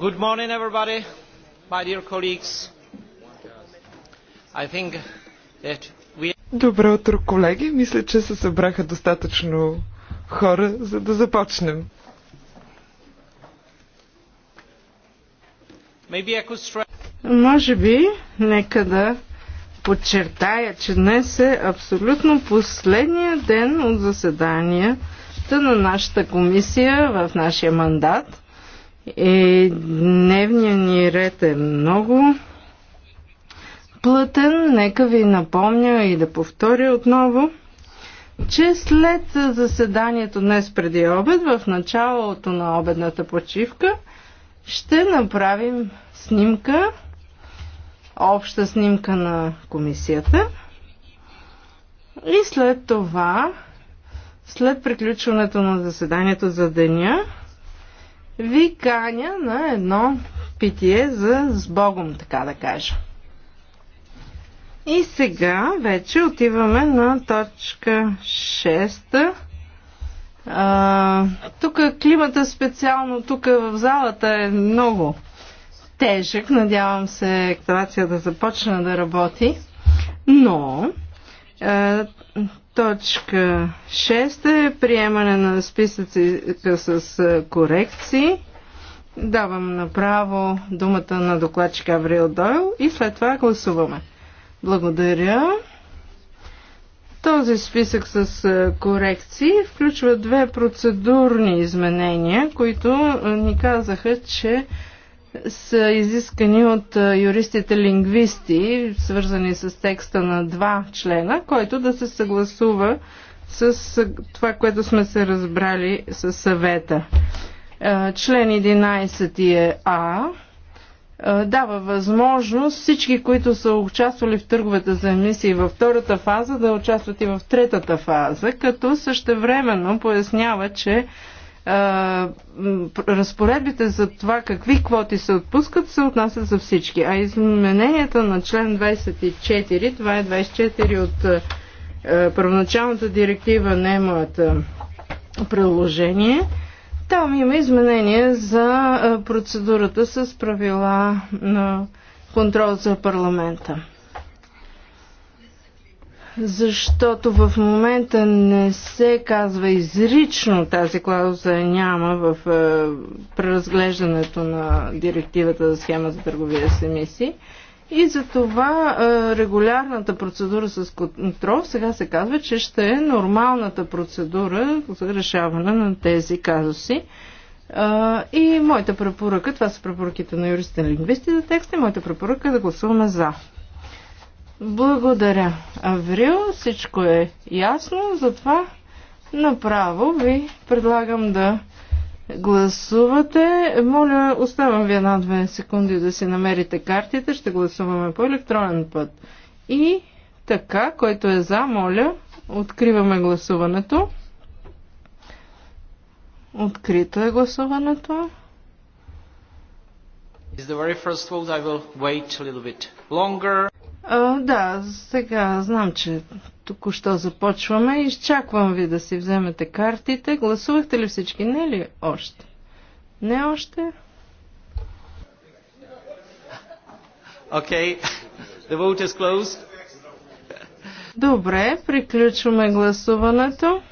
Good morning, everybody, my dear colleagues. I think that we... Добро утро, колеги. Мисля, че се събраха достатъчно хора, за да започнем. Could... Може би, нека да подчертая, че днес е абсолютно последния ден от заседанията на нашата комисия в нашия мандат – е, дневният ни ред е много плътен. Нека ви напомня и да повторя отново, че след заседанието днес преди обед, в началото на обедната почивка, ще направим снимка, обща снимка на комисията. И след това, след приключването на заседанието за деня, ви каня на едно питие за с Богом, така да кажа. И сега вече отиваме на точка 6. А, тук климата специално, тук в залата е много тежък. Надявам се активацията да започне да работи. Но Точка 6 е приемане на списъците с корекции. Давам направо думата на докладчик Аврил Дойл и след това гласуваме. Благодаря. Този списък с корекции включва две процедурни изменения, които ни казаха, че са изискани от юристите лингвисти, свързани с текста на два члена, който да се съгласува с това, което сме се разбрали с съвета. Член 11 е А дава възможност всички, които са участвали в търговете за емисии във втората фаза, да участват и в третата фаза, като същевременно пояснява, че разпоредбите за това какви квоти се отпускат се отнасят за всички. А измененията на член 24, това е 24 от е, първоначалната директива на емоята приложение, там има изменения за процедурата с правила на контрол за парламента защото в момента не се казва изрично тази клауза няма в е, преразглеждането на директивата за схема за търговия с емисии. И за това е, регулярната процедура с контрол сега се казва, че ще е нормалната процедура за решаване на тези казуси. Е, и моята препоръка, това са препоръките на юристите лингвисти за текста, и моята препоръка е да гласуваме за. Благодаря. Аврил, всичко е ясно, затова направо ви предлагам да гласувате. Моля, оставам ви една-две секунди да си намерите картите. Ще гласуваме по електронен път. И така, който е за, моля, откриваме гласуването. Открито е гласуването. Is the very first vote I will wait a little bit longer. А, да, сега знам, че току-що започваме. Изчаквам ви да си вземете картите. Гласувахте ли всички? Не ли още? Не още? Okay. The vote is closed. Добре, приключваме гласуването.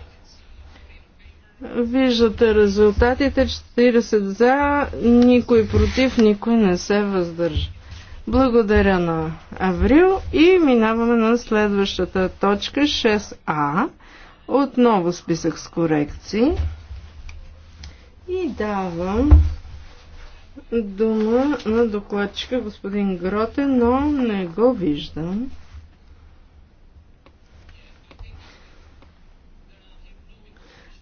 Виждате резултатите 40 за, никой против, никой не се въздържа. Благодаря на Аврил и минаваме на следващата точка 6А. Отново списък с корекции. И давам дума на докладчика господин Гроте, но не го виждам.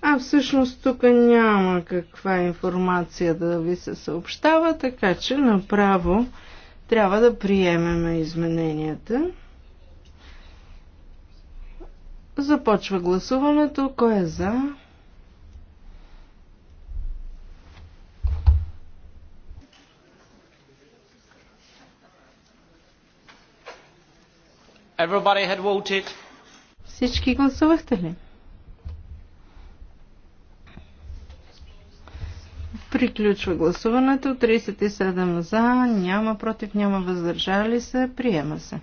А всъщност тук няма каква информация да ви се съобщава, така че направо трябва да приемеме измененията. Започва гласуването. Кой е за? Everybody had voted. Всички гласувахте ли? Приключва гласуването. 37 за, няма против, няма въздържали се. Приема се.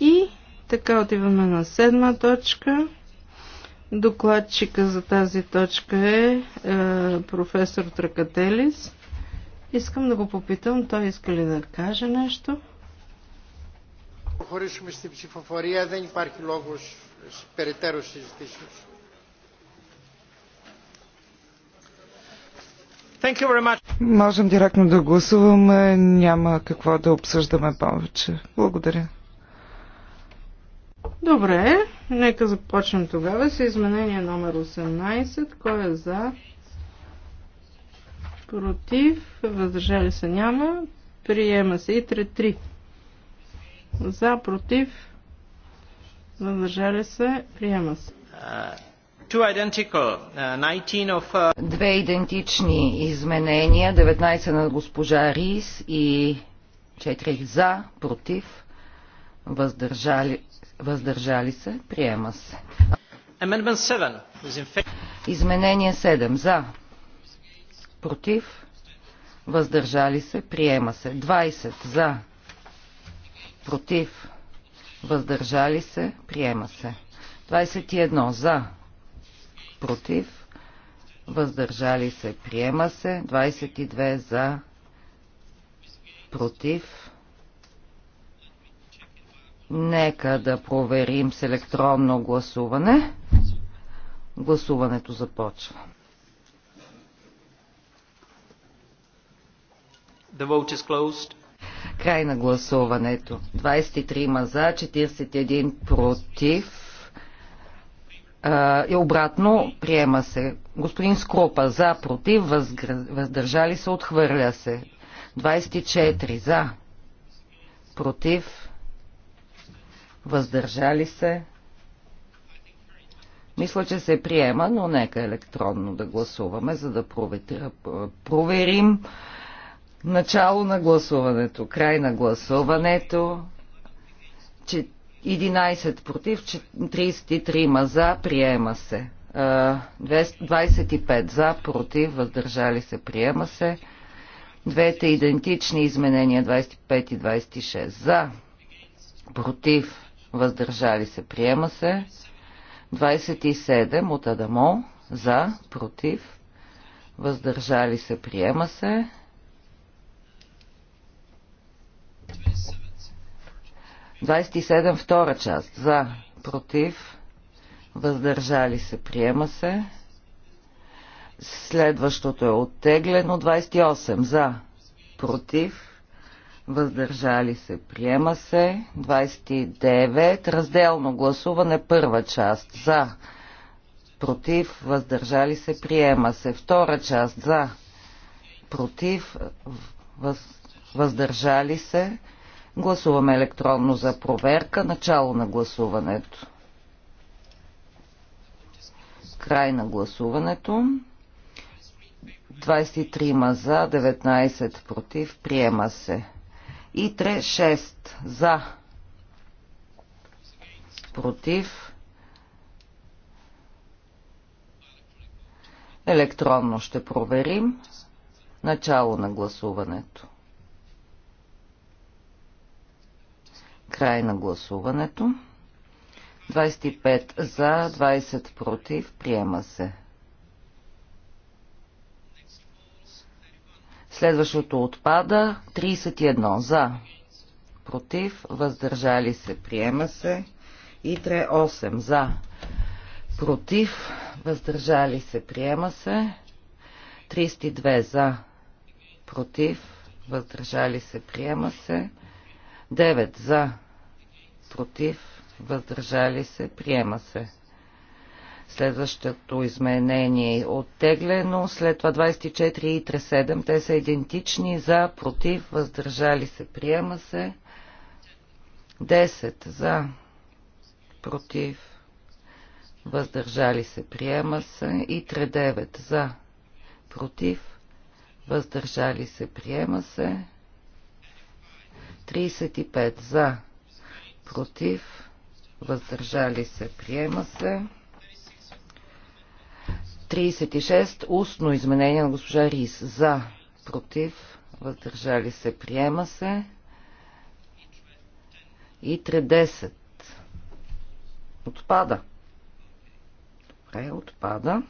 И така отиваме на седма точка. Докладчика за тази точка е, е професор Тракателис. Искам да го попитам, той иска ли да каже нещо? Προχωρήσουμε στην ψηφοφορία. Δεν υπάρχει λόγος περαιτέρω συζητήσεως. Можем директно да гласуваме. Няма какво да обсъждаме повече. Благодаря. Добре, нека започнем тогава с изменение номер 18. Кой е за? Против? Въздържали се няма. Приема се и 3-3. За, против? Въздържали се? Приема се. Uh, uh, Две идентични изменения, 19 на госпожа Рис и 4 за, против, въздържали, въздържали се, приема се. Изменение 7 за, против, въздържали се, приема се. 20 за, против, въздържали се, приема се. 21 за, против, въздържали се, приема се, 22 за, против. Нека да проверим с електронно гласуване. Гласуването започва. The vote is closed. Край на гласуването. 23 за, 41 против е обратно, приема се. Господин Скропа за, против, въздържали се, отхвърля се. 24 за, против, въздържали се. Мисля, че се приема, но нека електронно да гласуваме, за да проверим начало на гласуването, край на гласуването. 11 против, 33 за, приема се. 25 за, против, въздържали се, приема се. Двете идентични изменения 25 и 26 за, против, въздържали се, приема се. 27 от Адамо за, против, въздържали се, приема се. 27 втора част. За, против, въздържали се, приема се. Следващото е оттеглено. 28 за, против, въздържали се, приема се. 29 разделно гласуване, първа част. За, против, въздържали се, приема се. Втора част за, против, въз, въздържали се, приема се Гласуваме електронно за проверка. Начало на гласуването. Край на гласуването. 23 за, 19 против. Приема се. И 3, 6 за. Против. Електронно ще проверим. Начало на гласуването. Край на гласуването. 25 за, 20 против. Приема се. Следващото отпада. 31 за. Против. Въздържали се. Приема се. И 3 8 за. Против. Въздържали се. Приема се. 32 за. Против. Въздържали се. Приема се. 9 за против, въздържали се, приема се. Следващото изменение е оттеглено, след това 24 и 37, те са идентични, за, против, въздържали се, приема се. 10 за, против, въздържали се, приема се. И 39 за, против, въздържали се, приема се. 35 за, против, въздържали се, приема се. 36. Устно изменение на госпожа Рис. За, против, въздържали се, приема се. И 30. Отпада. Добре, отпада.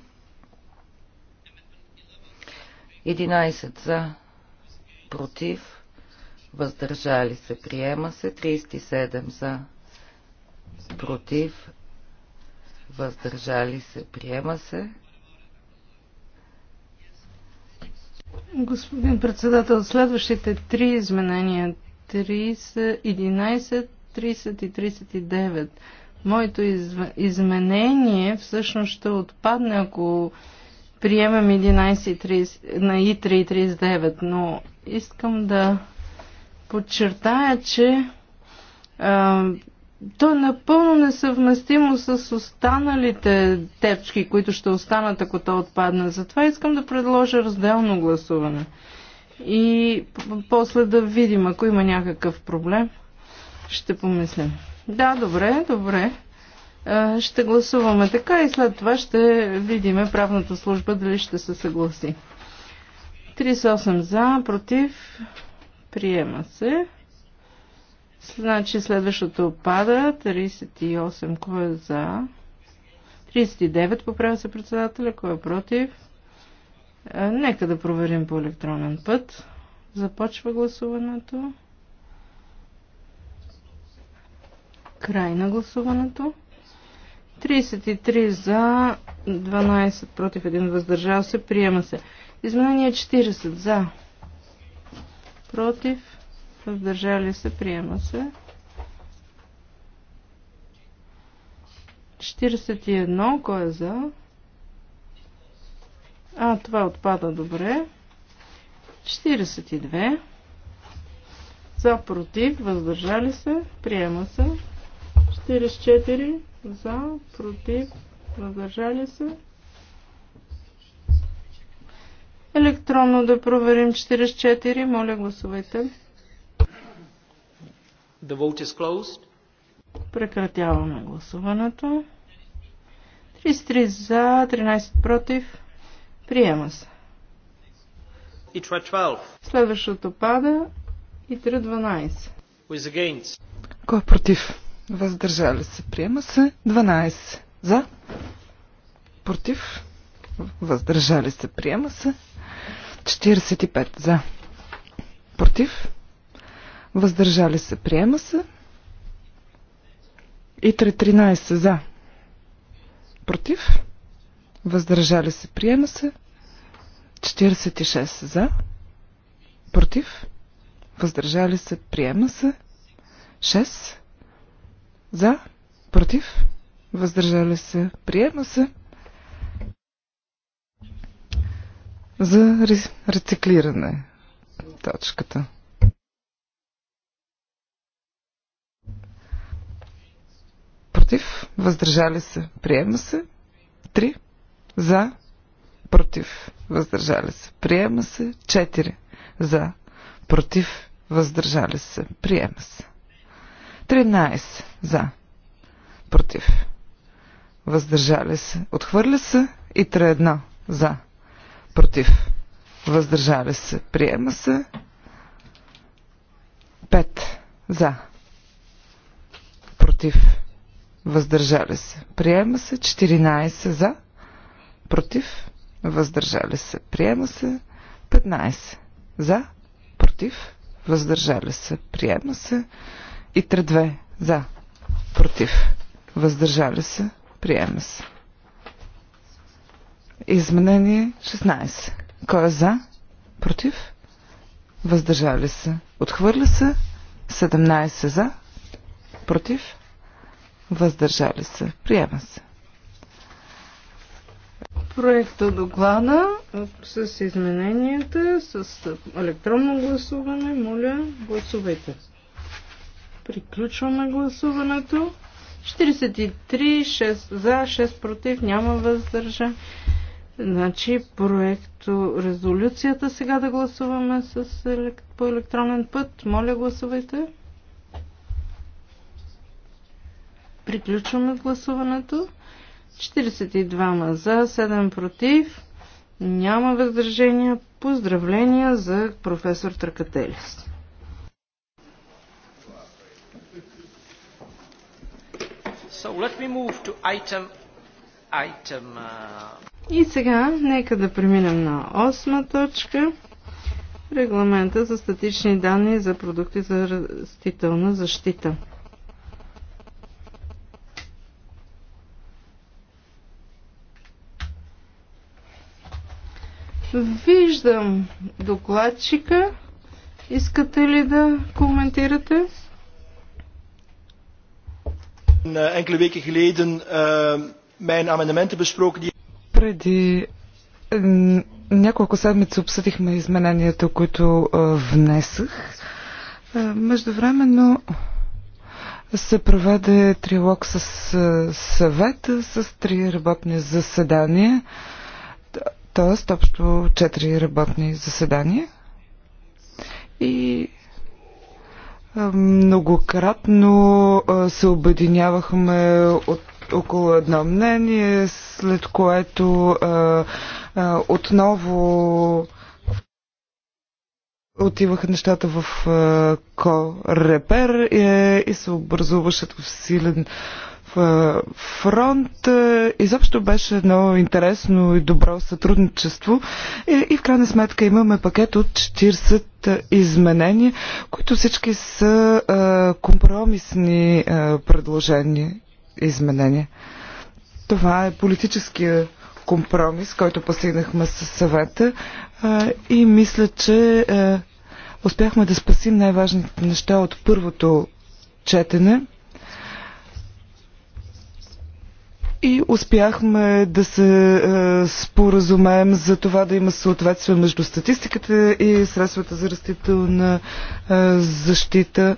11 за, против, въздържали се, приема се, 37 за, против, въздържали се, приема се. Господин председател, следващите три изменения 30, 11, 30 и 39. Моето изменение всъщност ще отпадне, ако приемем 11 30, на И3 и 39, но искам да подчертая, че а, то е напълно несъвместимо с останалите течки, които ще останат, ако то отпадне. Затова искам да предложа разделно гласуване. И после да видим, ако има някакъв проблем, ще помислим. Да, добре, добре. Ще гласуваме така и след това ще видиме правната служба дали ще се съгласи. 38 за, против Приема се. Значи следващото пада. 38. Кой е за? 39 поправя се председателя. Кой е против? Е, нека да проверим по електронен път. Започва гласуването. Край на гласуването. 33 за, 12 против 1 въздържал се. Приема се. Изменение 40 за против, въздържали се, приема се. 41, кой е за? А, това отпада добре. 42. За, против, въздържали се, приема се. 44. За, против, въздържали се, Електронно да проверим 44. Моля, гласувайте. The vote is closed. Прекратяваме гласуването. 33 за, 13 против. Приема се. Итра 12. Е Следващото пада. Итра 12. Against. Кой е против? Въздържали се. Приема се. 12. За. Против въздържали се, приема се. 45 за, против, въздържали се, приема се. И 13 за, против, въздържали се, приема се. 46 за, против, въздържали се, приема се. 6 за, против, въздържали се, приема се. за рециклиране. Точката. Против. Въздържали се. Приема се. 3. За. Против. Въздържали се. Приема се. 4. За. Против. Въздържали се. Приема се. 13. За. Против. Въздържали се. Отхвърля се. И 3-1. За против, въздържали се, приема се. 5 за, против, въздържали се, приема се. 14 за, против, въздържали се, приема се. 15 за, против, въздържали се, приема се. И 3-2 за, против, въздържали се, приема се. Изменение 16. Кой е за? Против? Въздържали се. Отхвърля се. 17 за. Против? Въздържали се. Приема се. Проекта доклада с измененията, с електронно гласуване. Моля, гласувайте. Приключваме гласуването. 43, 6 за, 6 против, няма въздържа. Значи проекто резолюцията сега да гласуваме с, по електронен път. Моля гласувайте. Приключваме гласуването. 42 за, 7 против. Няма въздържения. Поздравления за професор Тракателис. So let me move to item, item uh... И сега нека да преминем на осма точка. Регламента за статични данни за продукти за растителна защита. Виждам докладчика. Искате ли да коментирате? Enkele weken geleden uh, mijn amendementen besproken die преди няколко седмици обсъдихме измененията, които внесах. Междувременно се проведе трилог с съвета, с три работни заседания, т.е. общо четири работни заседания. И многократно се обединявахме от около едно мнение, след което а, а, отново отиваха нещата в Корепер и, е, и се образуваше в силен в фронт. Изобщо беше едно интересно и добро сътрудничество и, и в крайна сметка имаме пакет от 40 изменения, които всички са а, компромисни а, предложения изменения. Това е политическия компромис, който постигнахме с съвета и мисля, че успяхме да спасим най-важните неща от първото четене и успяхме да се споразумеем за това да има съответствие между статистиката и средствата за растителна защита.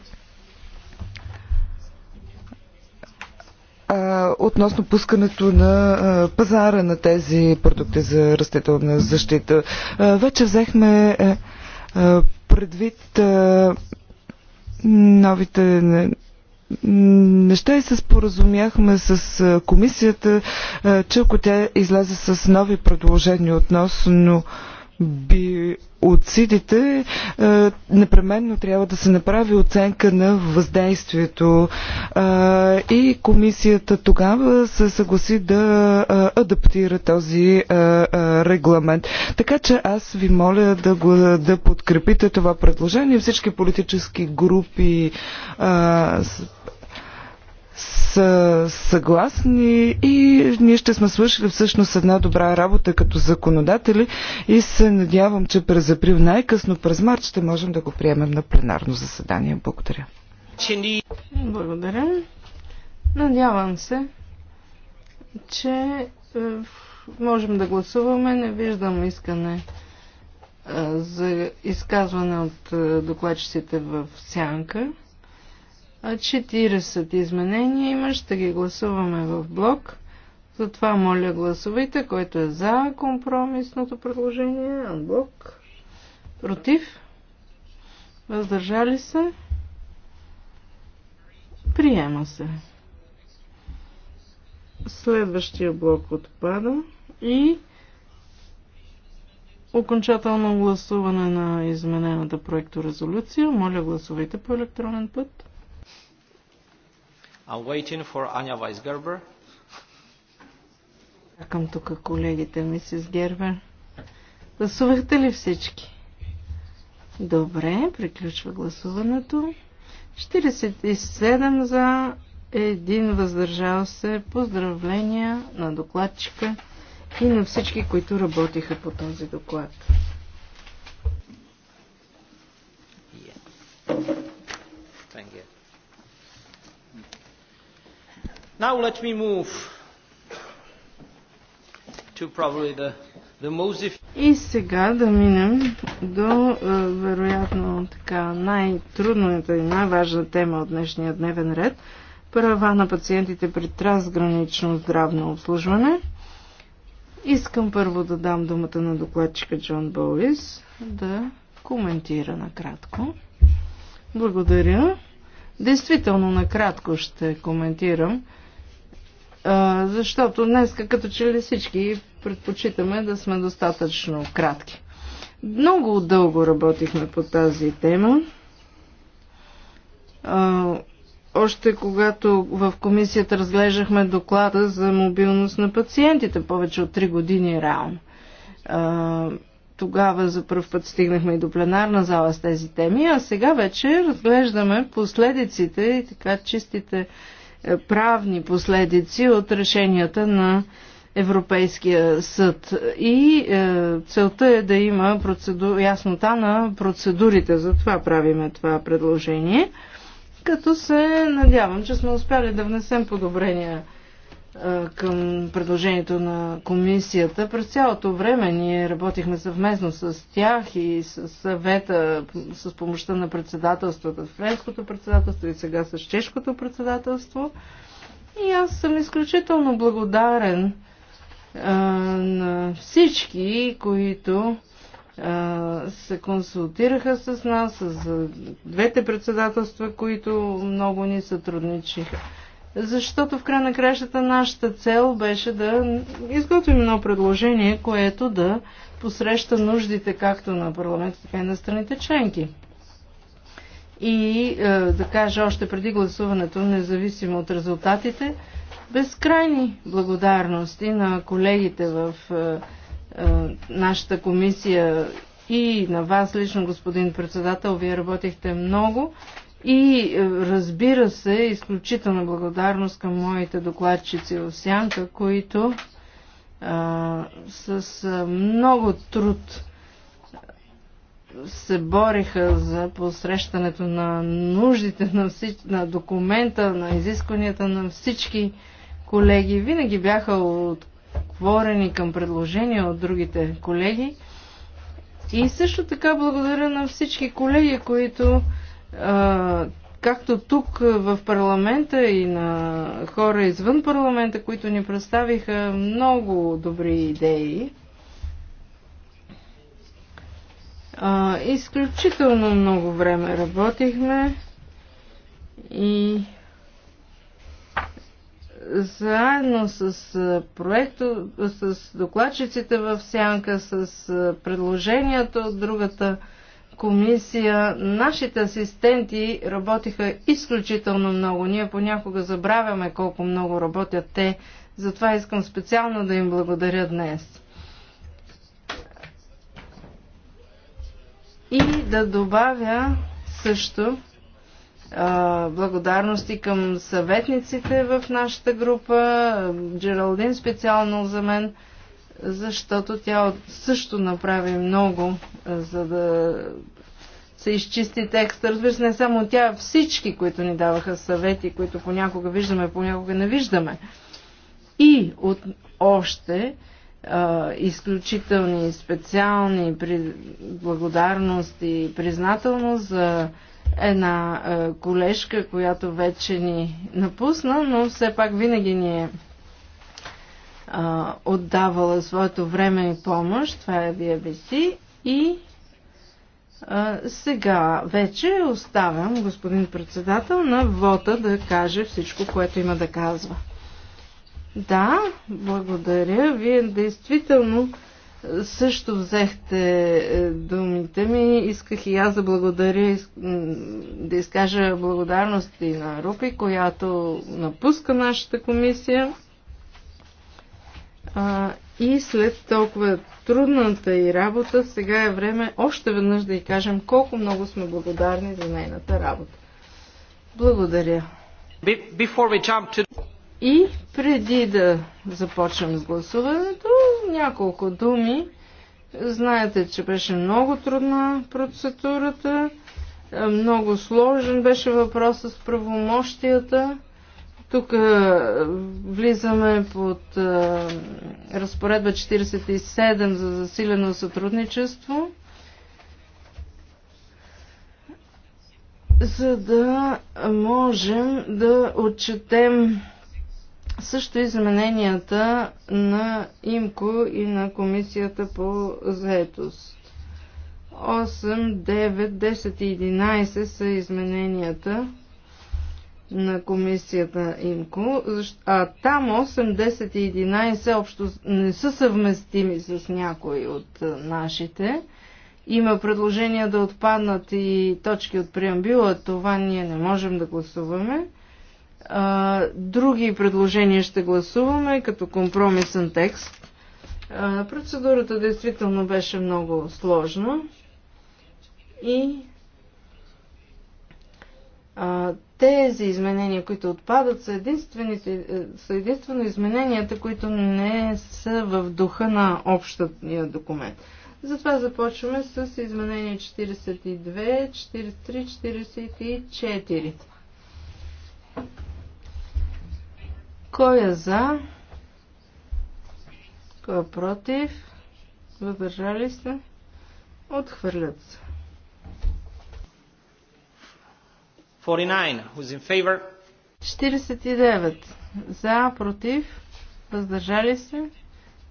а, относно пускането на а, пазара на тези продукти за растителна защита. А, вече взехме а, предвид а, новите неща и се споразумяхме с комисията, а, че ако тя излезе с нови предложения относно би отсидите, е, непременно трябва да се направи оценка на въздействието. Е, и комисията тогава се съгласи да е, адаптира този регламент. Така че аз ви моля да, го, да подкрепите това предложение. Всички политически групи са съгласни и ние ще сме свършили всъщност една добра работа като законодатели и се надявам, че през април най-късно през март ще можем да го приемем на пленарно заседание. Благодаря. Благодаря. Надявам се, че е, можем да гласуваме. Не виждам искане е, за изказване от е, докладчиците в сянка. 40 изменения има, ще ги гласуваме в блок. Затова моля гласувайте, който е за компромисното предложение, блок. против, въздържали се, приема се. Следващия блок отпада и окончателно гласуване на изменената проекторезолюция. Моля гласувайте по електронен път. I'm waiting for Anya Weisgerber. Чакам тук колегите, ми с Гербер. Гласувахте ли всички? Добре, приключва гласуването. 47 за, един въздържал се. Поздравления на докладчика и на всички, които работиха по този доклад. Now let me move to probably the, the most... И сега да минем до е, вероятно така най-трудната и най-важна тема от днешния дневен ред права на пациентите при трансгранично здравно обслужване. Искам първо да дам думата на докладчика Джон Боуис да коментира накратко. Благодаря. Действително накратко ще коментирам. А, защото днес, като че ли всички предпочитаме да сме достатъчно кратки. Много дълго работихме по тази тема. А, още когато в комисията разглеждахме доклада за мобилност на пациентите, повече от 3 години реално. А, тогава за първ път стигнахме и до пленарна зала с тези теми, а сега вече разглеждаме последиците и така чистите правни последици от решенията на Европейския съд. И е, целта е да има процеду... яснота на процедурите. Затова правиме това предложение. Като се надявам, че сме успяли да внесем подобрения към предложението на комисията. През цялото време ние работихме съвместно с тях и с съвета, с помощта на председателствата, френското председателство и сега с чешкото председателство. И аз съм изключително благодарен а, на всички, които а, се консултираха с нас, с двете председателства, които много ни сътрудничиха защото в край на кращата нашата цел беше да изготвим едно предложение, което да посреща нуждите както на парламента, така и на страните членки. И е, да кажа още преди гласуването, независимо от резултатите, безкрайни благодарности на колегите в е, е, нашата комисия и на вас лично, господин председател. Вие работихте много и е, разбира се, изключителна благодарност към моите докладчици в Сянка, които а, с много труд се бореха за посрещането на нуждите на, всич... на документа, на изискванията на всички колеги. Винаги бяха отворени към предложения от другите колеги. И също така благодаря на всички колеги, които както тук в парламента и на хора извън парламента, които ни представиха много добри идеи. А, изключително много време работихме и заедно с проекто, с докладчиците в сянка, с предложението от другата комисия нашите асистенти работиха изключително много. Ние понякога забравяме колко много работят те. Затова искам специално да им благодаря днес. И да добавя също благодарности към съветниците в нашата група, Джералдин специално за мен – защото тя също направи много, е, за да се изчисти текста. Разбира се, не само тя, всички, които ни даваха съвети, които понякога виждаме, понякога не виждаме. И от още а, е, изключителни, специални при, благодарност и признателност за една а, е, колежка, която вече ни напусна, но все пак винаги ни е а, отдавала своето време и помощ, това е VBC и а, сега вече оставям господин председател на вота да каже всичко, което има да казва. Да, благодаря. Вие действително също взехте е, думите ми. Исках и аз да благодаря, да изкажа благодарности на Рупи, която напуска нашата комисия. А, и след толкова трудната и работа, сега е време още веднъж да й кажем колко много сме благодарни за нейната работа. Благодаря. To... И преди да започнем с гласуването, няколко думи. Знаете, че беше много трудна процедурата, много сложен беше въпросът с правомощията. Тук влизаме под разпоредба 47 за засилено сътрудничество, за да можем да отчетем също измененията на ИМКО и на Комисията по заетост. 8, 9, 10 и 11 са измененията на комисията ИМКО, а там 8, 10 и 11 общо не са съвместими с някои от нашите. Има предложения да отпаднат и точки от преамбила, това ние не можем да гласуваме. Други предложения ще гласуваме като компромисен текст. Процедурата действително беше много сложна и тези изменения, които отпадат, са, е, са единствено измененията, които не са в духа на общия документ. Затова започваме с изменение 42, 43, 44. Кой е за? Кой е против? Въздържали се? Отхвърлят се. 49. Who's in favor? 49. За, против, въздържали се,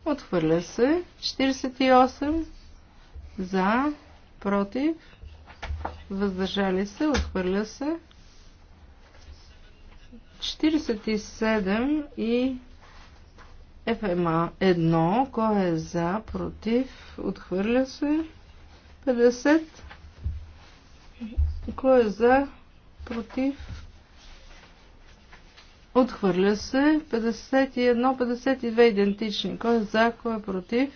отхвърля се. 48. За, против, въздържали се, отхвърля се. 47 и ФМА 1. Кой е за, против, отхвърля се. 50. Кой е за, против, отхвърля се. 51, 52 идентични. Кой е за, кой е против,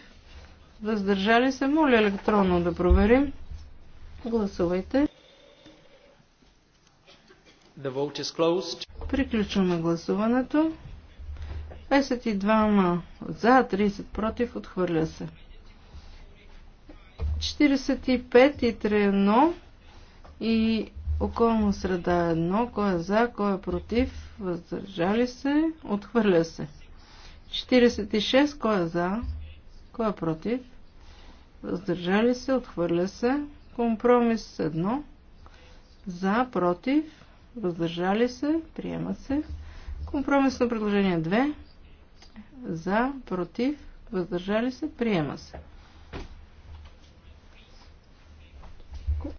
въздържали се. Моля електронно да проверим. Гласувайте. The vote is closed. Приключваме гласуването. 52 за, 30 против, отхвърля се. 45 и 3-1 и Околна среда е едно. Кой е за, кой е против, въздържали се, отхвърля се. 46. Кой е за, кой е против, въздържали се, отхвърля се. Компромис едно. За, против, въздържали се, приема се. Компромисно предложение 2. За, против, въздържали се, приема се.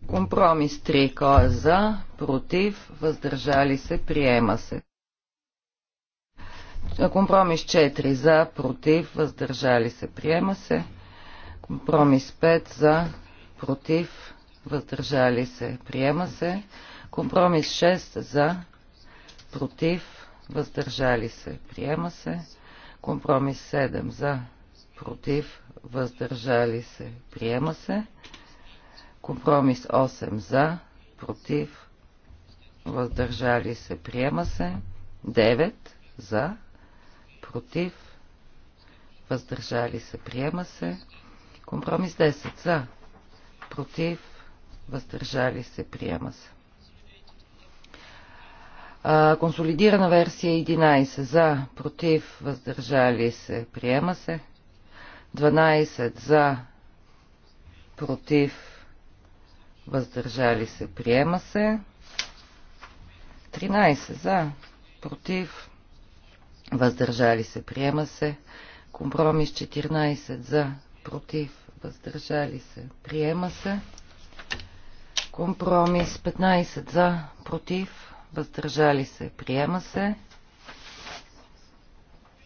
Компромис 3. Кой е за? Против? Въздържали се? Приема се. Компромис 4. За? Против? Въздържали се? Приема се. Компромис 5. За? Против? Въздържали се? Приема се. Компромис 6. За? Против? Въздържали се? Приема се. Компромис 7. За? Против? Въздържали се? Приема се. Компромис 8 за, против, въздържали се, приема се. 9 за, против, въздържали се, приема се. Компромис 10 за, против, въздържали се, приема се. Консолидирана версия 11 за, против, въздържали се, приема се. 12 за, против, въздържали се, приема се. 13 за, против, въздържали се, приема се. Компромис 14 за, против, въздържали се, приема се. Компромис 15 за, против, въздържали се, приема се.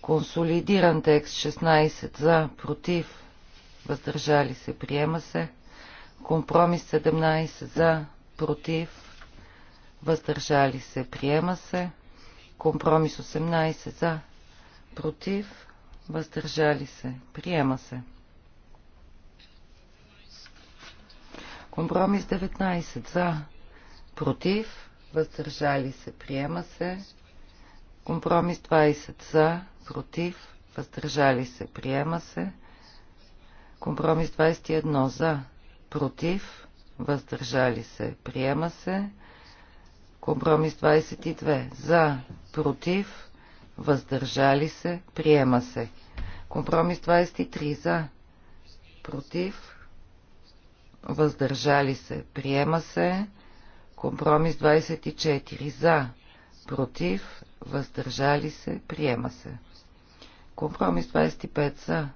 Консолидиран текст 16 за, против, въздържали се, приема се. Компромис 17 за, против, въздържали се, приема се. Компромис 18 за, против, въздържали се, приема се. Компромис 19 за, против, въздържали се, приема се. Компромис 20 за, против, въздържали се, приема се. Компромис 21 за, против, въздържали се, приема се. Компромис 22 за, против, въздържали се, приема се. Компромис 23 за, против, въздържали се, приема се. Компромис 24 за, против, въздържали се, приема се. Компромис 25 за,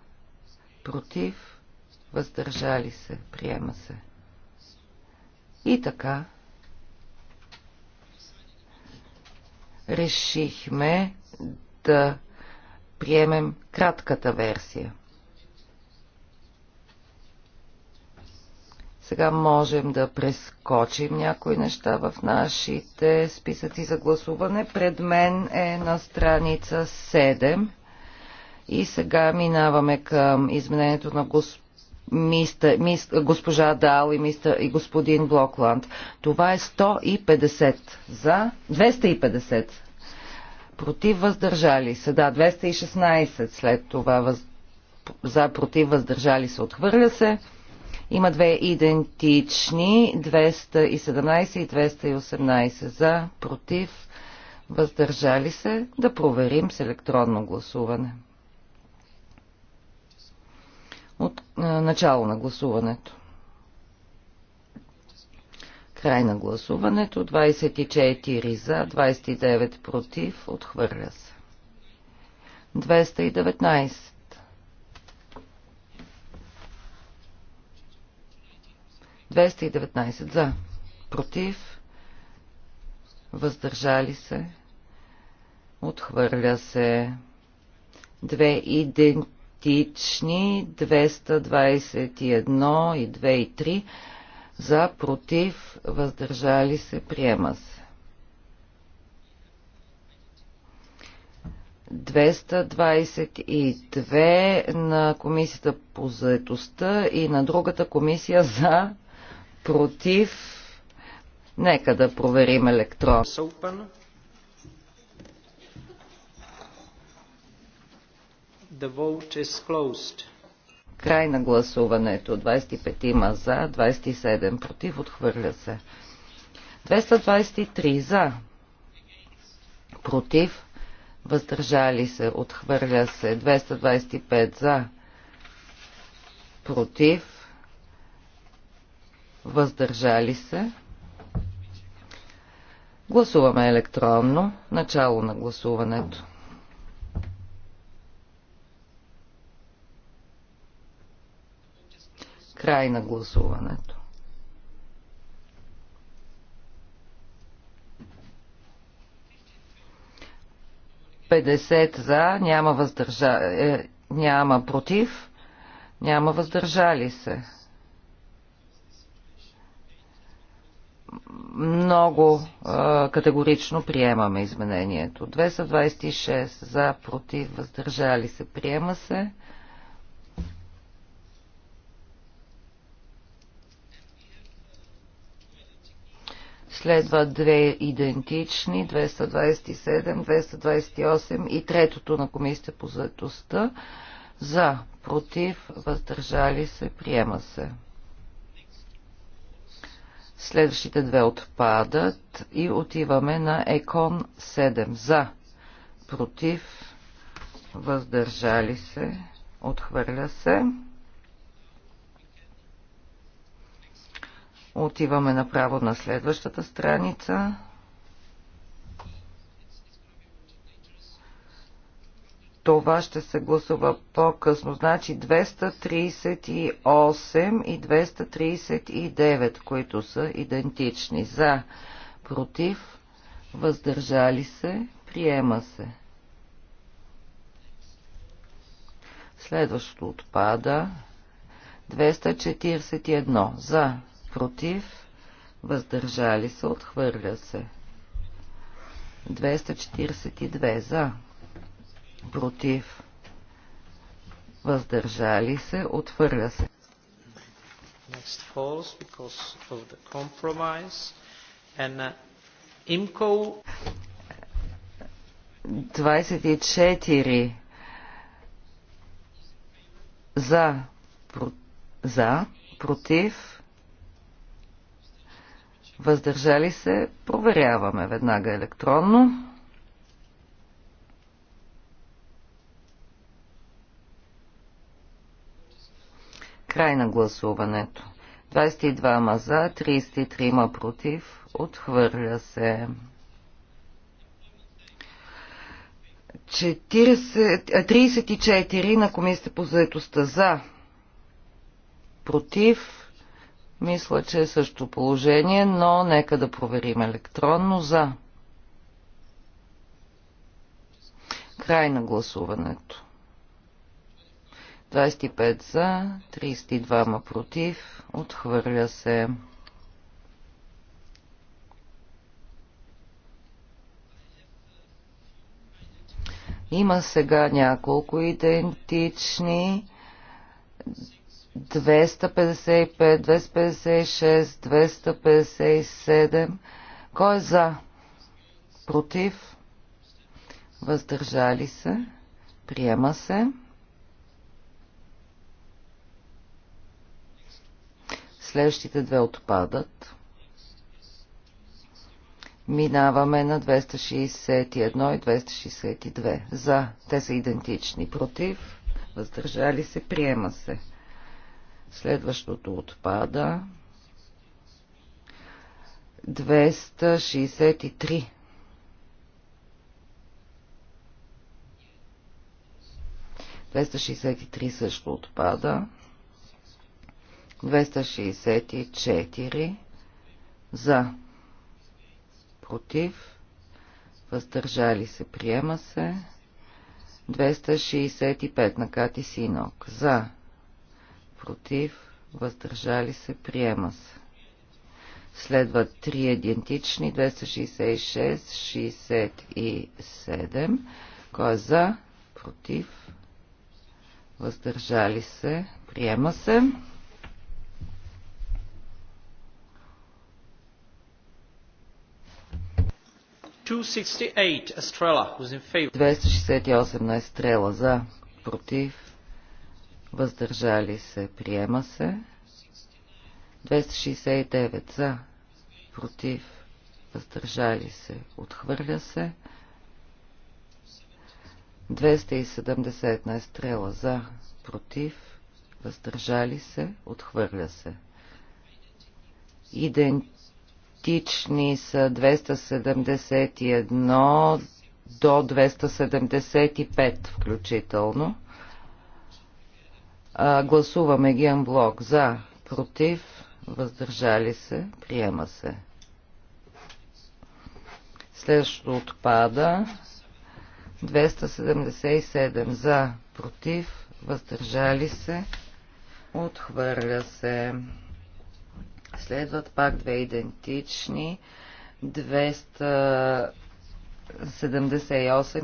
против, въздържали се, приема се. И така решихме да приемем кратката версия. Сега можем да прескочим някои неща в нашите списъци за гласуване. Пред мен е на страница 7. И сега минаваме към изменението на господин мистер, миста, госпожа Дал и, мистер, и господин Блокланд. Това е 150 за 250. Против въздържали се. Да, 216 след това въз... за против въздържали се. Отхвърля се. Има две идентични 217 и 218 за против въздържали се. Да проверим с електронно гласуване. Е, начало на гласуването. Край на гласуването. 24 за, 29 против. Отхвърля се. 219. 219 за. Против. Въздържали се. Отхвърля се. Две идентични идентични 221 и 2 и 3 за, против, въздържали се, приема се. 222 на комисията по заедостта и на другата комисия за, против. Нека да проверим електрон. The vote is closed. Край на гласуването. 25 има за, 27 против, отхвърля се. 223 за, против, въздържали се, отхвърля се. 225 за, против, въздържали се. Гласуваме електронно. Начало на гласуването. Край на гласуването. за, няма, въздържа... е, няма против, няма въздържали се. много е, категорично приемаме изменението. 226 за, против, въздържали се, приема се. Следва две идентични, 227, 228 и третото на комисията по заедостта. За, против, въздържали се, приема се. Следващите две отпадат и отиваме на Екон 7. За, против, въздържали се, отхвърля се. Отиваме направо на следващата страница. Това ще се гласува по-късно. Значи 238 и 239, които са идентични. За, против, въздържали се, приема се. Следващото отпада. 241. За, против, въздържали се, отхвърля се. 242 за, против, въздържали се, отхвърля се. Next falls because of the compromise and uh, IMCO 24 за, про, за против, въздържали се, проверяваме веднага електронно. Край на гласуването. 22 ма за, 33 ма против, отхвърля се. 34 на комисията по заедостта за, против, мисля, че е също положение, но нека да проверим електронно за. Край на гласуването. 25 за, 32 ма против, отхвърля се. Има сега няколко идентични 255, 256, 257. Кой е за? Против? Въздържали се? Приема се. Следващите две отпадат. Минаваме на 261 и 262. За. Те са идентични. Против? Въздържали се? Приема се. Следващото отпада. 263. 263 също отпада. 264 за против въздържали се приема се 265 на Кати Синок за против, въздържали се, приема се. Следват три идентични, 266, 67. Кой е за, против, въздържали се, приема се. Two 268 на Естрела за, против, въздържали се, приема се. 269 за, против, въздържали се, отхвърля се. 270 на стрела за, против, въздържали се, отхвърля се. Идентични са 271 до 275 включително. А, гласуваме ги блок за, против, въздържали се, приема се. Следващото отпада. 277 за, против, въздържали се, отхвърля се. Следват пак две идентични. 278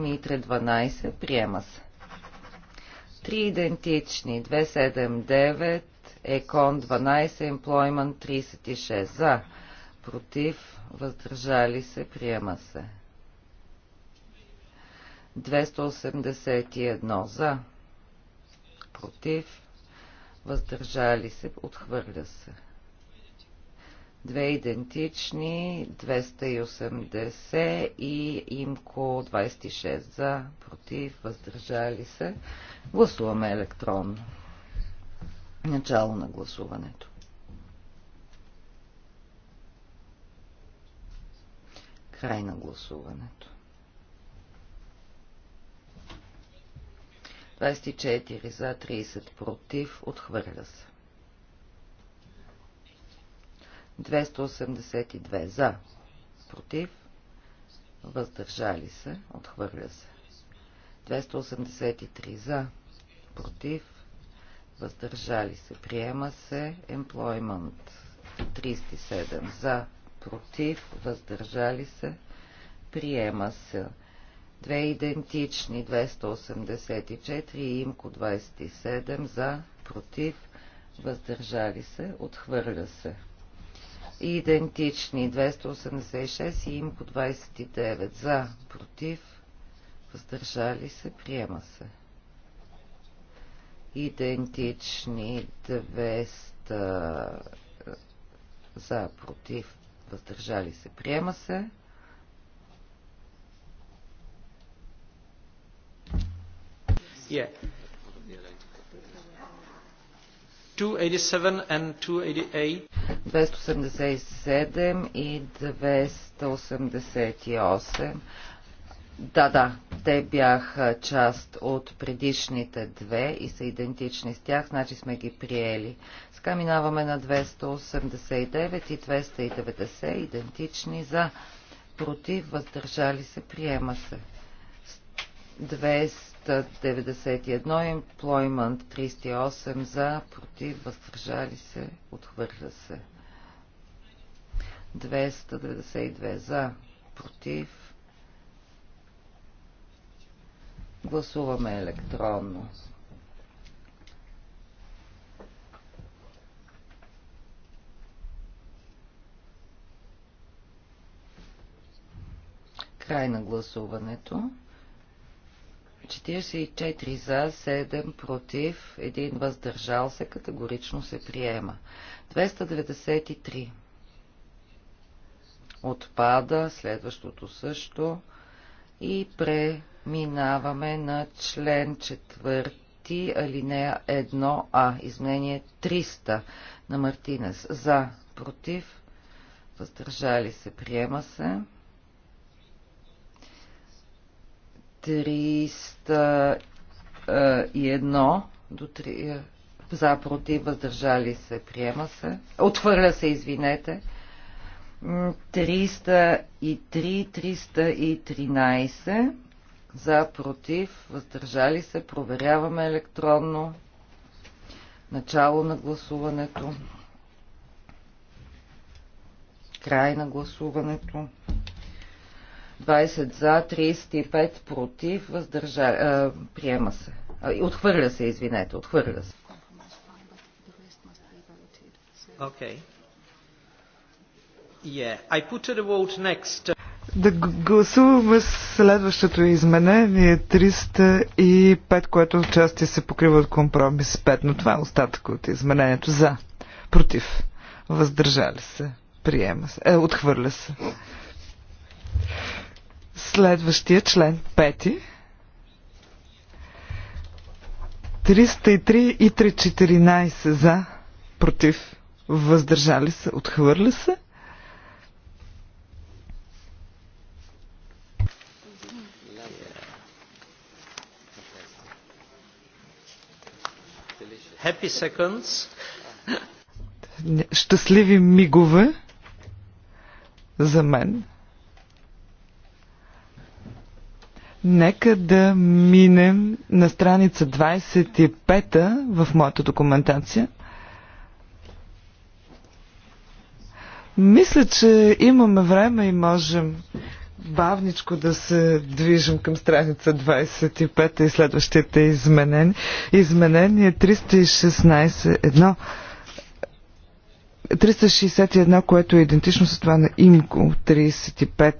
и 312 приема се. Три идентични. 279, ЕКОН 12, Employment 36. За. Против. Въздържали се. Приема се. 281 за. Против. Въздържали се. Отхвърля се. Две идентични. 280 и имко 26 за. Против. Въздържали се. Гласуваме електронно. Начало на гласуването. Край на гласуването. 24 за 30 против. Отхвърля се. 282 за против. Въздържали се. Отхвърля се. 283 за против, въздържали се, приема се, employment 37 за, против, въздържали се, приема се. Две идентични 284 и имко 27 за, против, въздържали се, отхвърля се. И идентични 286 и имко 29 за, против, въздържали се, приема се идентични 200 за, против, въздържали се, приема се. Yeah. 287 and 288. 287 и 288. Да, да, те бяха част от предишните две и са идентични с тях, значи сме ги приели. Сега минаваме на 289 и 290, идентични за против, въздържали се, приема се. 291 employment 308 за, против, въздържали се, отхвърля се. 292 за, против, Гласуваме електронно. Край на гласуването. 44 за, 7 против, 1 въздържал се, категорично се приема. 293. Отпада, следващото също. И преминаваме на член 4, алинея 1а, изменение 300 на Мартинес. За, против, въздържали се, приема се. 301 е, до 3, е, за, против, въздържали се, приема се. Отвърля се, извинете. 303-313 за, против, въздържали се, проверяваме електронно начало на гласуването, край на гласуването. 20 за, 35 против, въздържа, а, приема се. Отхвърля се, извинете, отхвърля се. Okay. Yeah, I put the vote next. Да гласуваме следващото изменение 305, което части се покрива от компромис 5, но това е остатък от изменението за, против, въздържали се, приема се, е, отхвърля се. Следващия член 5. 303 и 314 за, против, въздържали се, отхвърля се. Happy seconds. Щастливи мигове за мен. Нека да минем на страница 25 та в моята документация. Мисля, че имаме време и можем бавничко да се движим към страница 25 и следващите е Изменение едно. 361, което е идентично с това на Имко 35.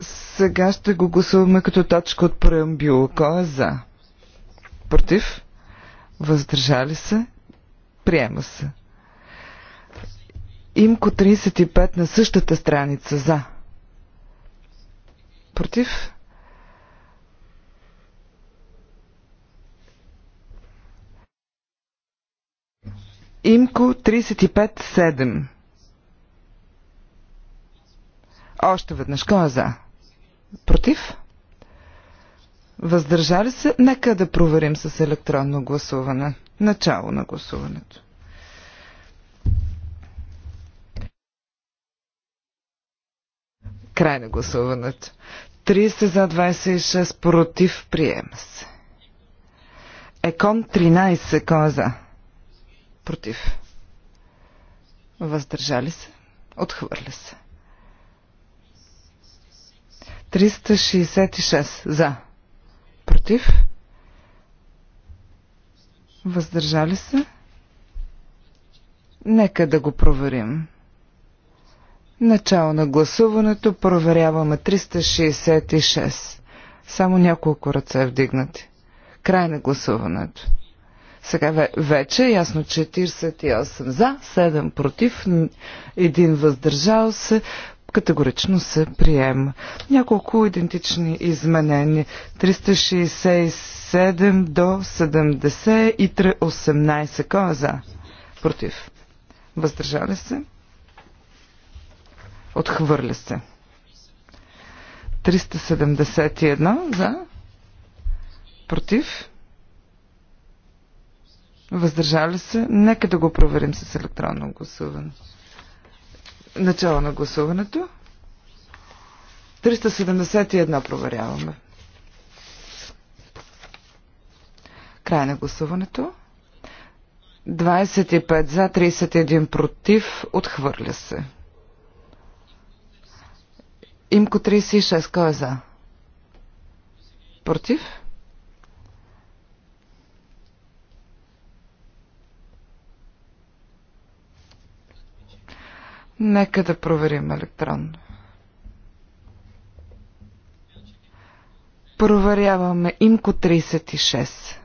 Сега ще го гласуваме като точка от преамбюла. Кой е за? Против? Въздържали се? Приема се. Имко 35 на същата страница за. Против? Имко 35-7. Още веднъж. Кой е за? Против? Въздържали се? Нека да проверим с електронно гласуване. Начало на гласуването. Край на гласуването. 30 за 26 против приема се. Екон 13 кой е за? Против. Въздържали се? Отхвърля се. 366 за. Против? Въздържали се? Нека да го проверим. Начало на гласуването. Проверяваме 366. Само няколко ръце вдигнати. Край на гласуването. Сега вече е ясно 48 за, 7 против, 1 въздържал се. Категорично се приема. Няколко идентични изменения. 367 до 70 и 18. Кой е за? Против. Въздържали се? Отхвърля се. 371 за. Против. Въздържали се. Нека да го проверим с електронно гласуване. Начало на гласуването. 371 проверяваме. Край на гласуването. 25 за, 31 против. Отхвърля се. Имко 36. Кой е за? Против? Нека да проверим електронно. Проверяваме имко 36.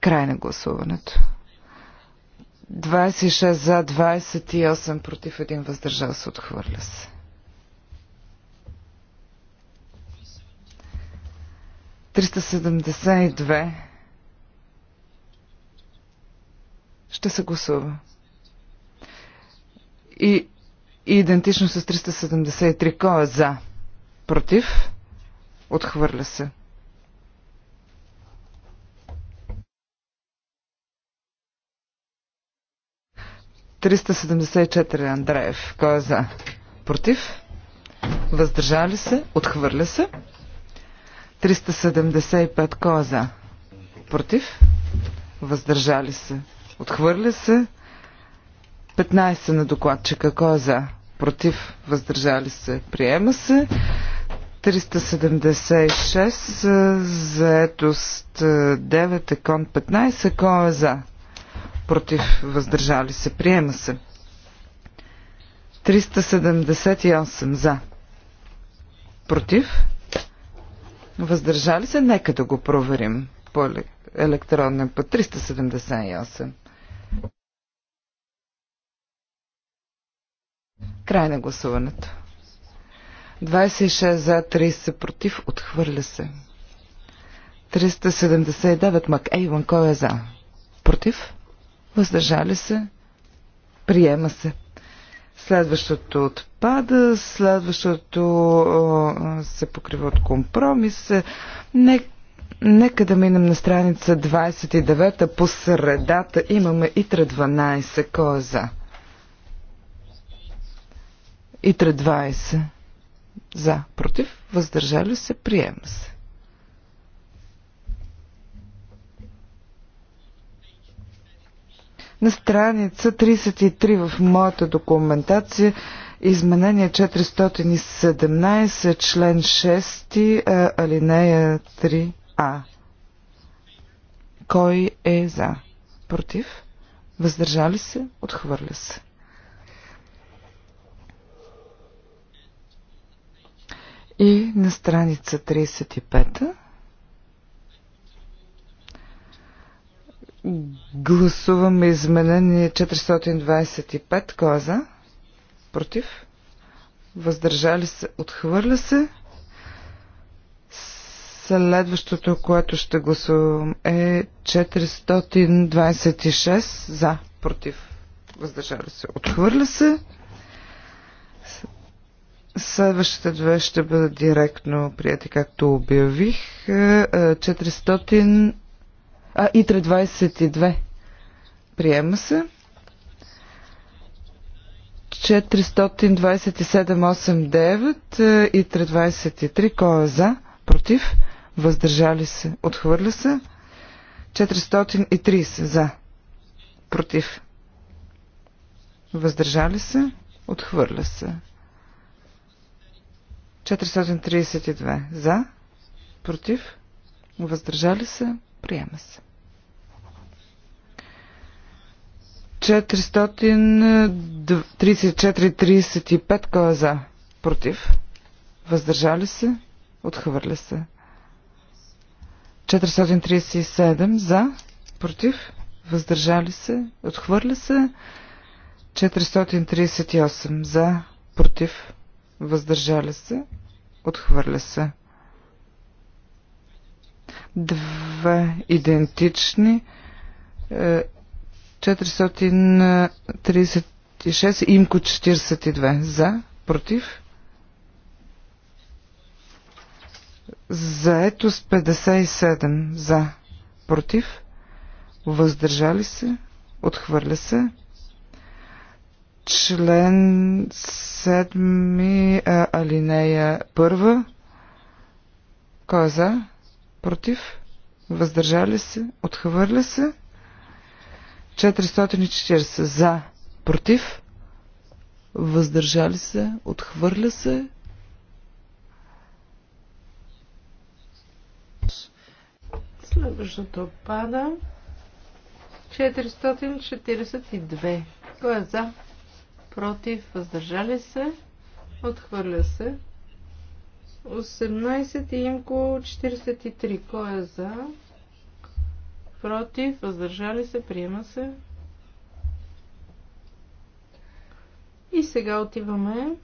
Край на гласуването. 26 за, 28 против, 1 въздържал се, отхвърля се. Триста седемдесет и две. Ще се гласува. И, и идентично с 373. Кой е за? Против? Отхвърля се. 374 Андреев. Кой е за? Против? Въздържали се? Отхвърля се? 375 кой е за? Против? Въздържали се? Отхвърля се? 15 на докладчика. Кой е за? Против? Въздържали се? Приема се? 376 заетост 9 екон 15. Кой е за? против, въздържали се, приема се. 378 за, против, въздържали се, нека да го проверим по електронен път. 378. Край на гласуването. 26 за, 30 против, отхвърля се. 379 Мак Ейван, кой е за? Против? въздържали се, приема се. Следващото отпада, следващото се покрива от компромис. Нека Нека да минем на страница 29-та по средата. Имаме ИТРА 12. Кой е за? ИТРА 20. За. Против. Въздържали се. Приема се. На страница 33 в моята документация изменение 417, член 6, алинея 3а. Кой е за? Против? Въздържали се? Отхвърля се. И на страница 35 Гласуваме изменение 425. Кой е за? Против? Въздържали се? Отхвърля се? Следващото, което ще гласувам е 426 за, против, въздържали се, отхвърля се. Следващите две ще бъдат директно прияти, както обявих. 427 е, а, ИТРА 22. Приема се. 427-8-9 и е, Кой е за? Против? Въздържали се? Отхвърля се? 430 за. Против? Въздържали се? Отхвърля се. 432 за. Против? Въздържали се? Приема се. 434-35 кола е за? Против. Въздържали се? Отхвърля се. 437 за? Против. Въздържали се? Отхвърля се. 438 за? Против. Въздържали се? Отхвърля се. Две идентични. 436 е, имко 42 за, против. Заето с 57 за, против. Въздържали се, отхвърля се. Член 7 алинея 1. Кой е за? против, въздържали се, отхвърля се. 440 за, против, въздържали се, отхвърля се. Следващото пада 442. Кой е за? Против, въздържали се, отхвърля се. 18 и имко 43. Кой е за? Против? Въздържали се? Приема се. И сега отиваме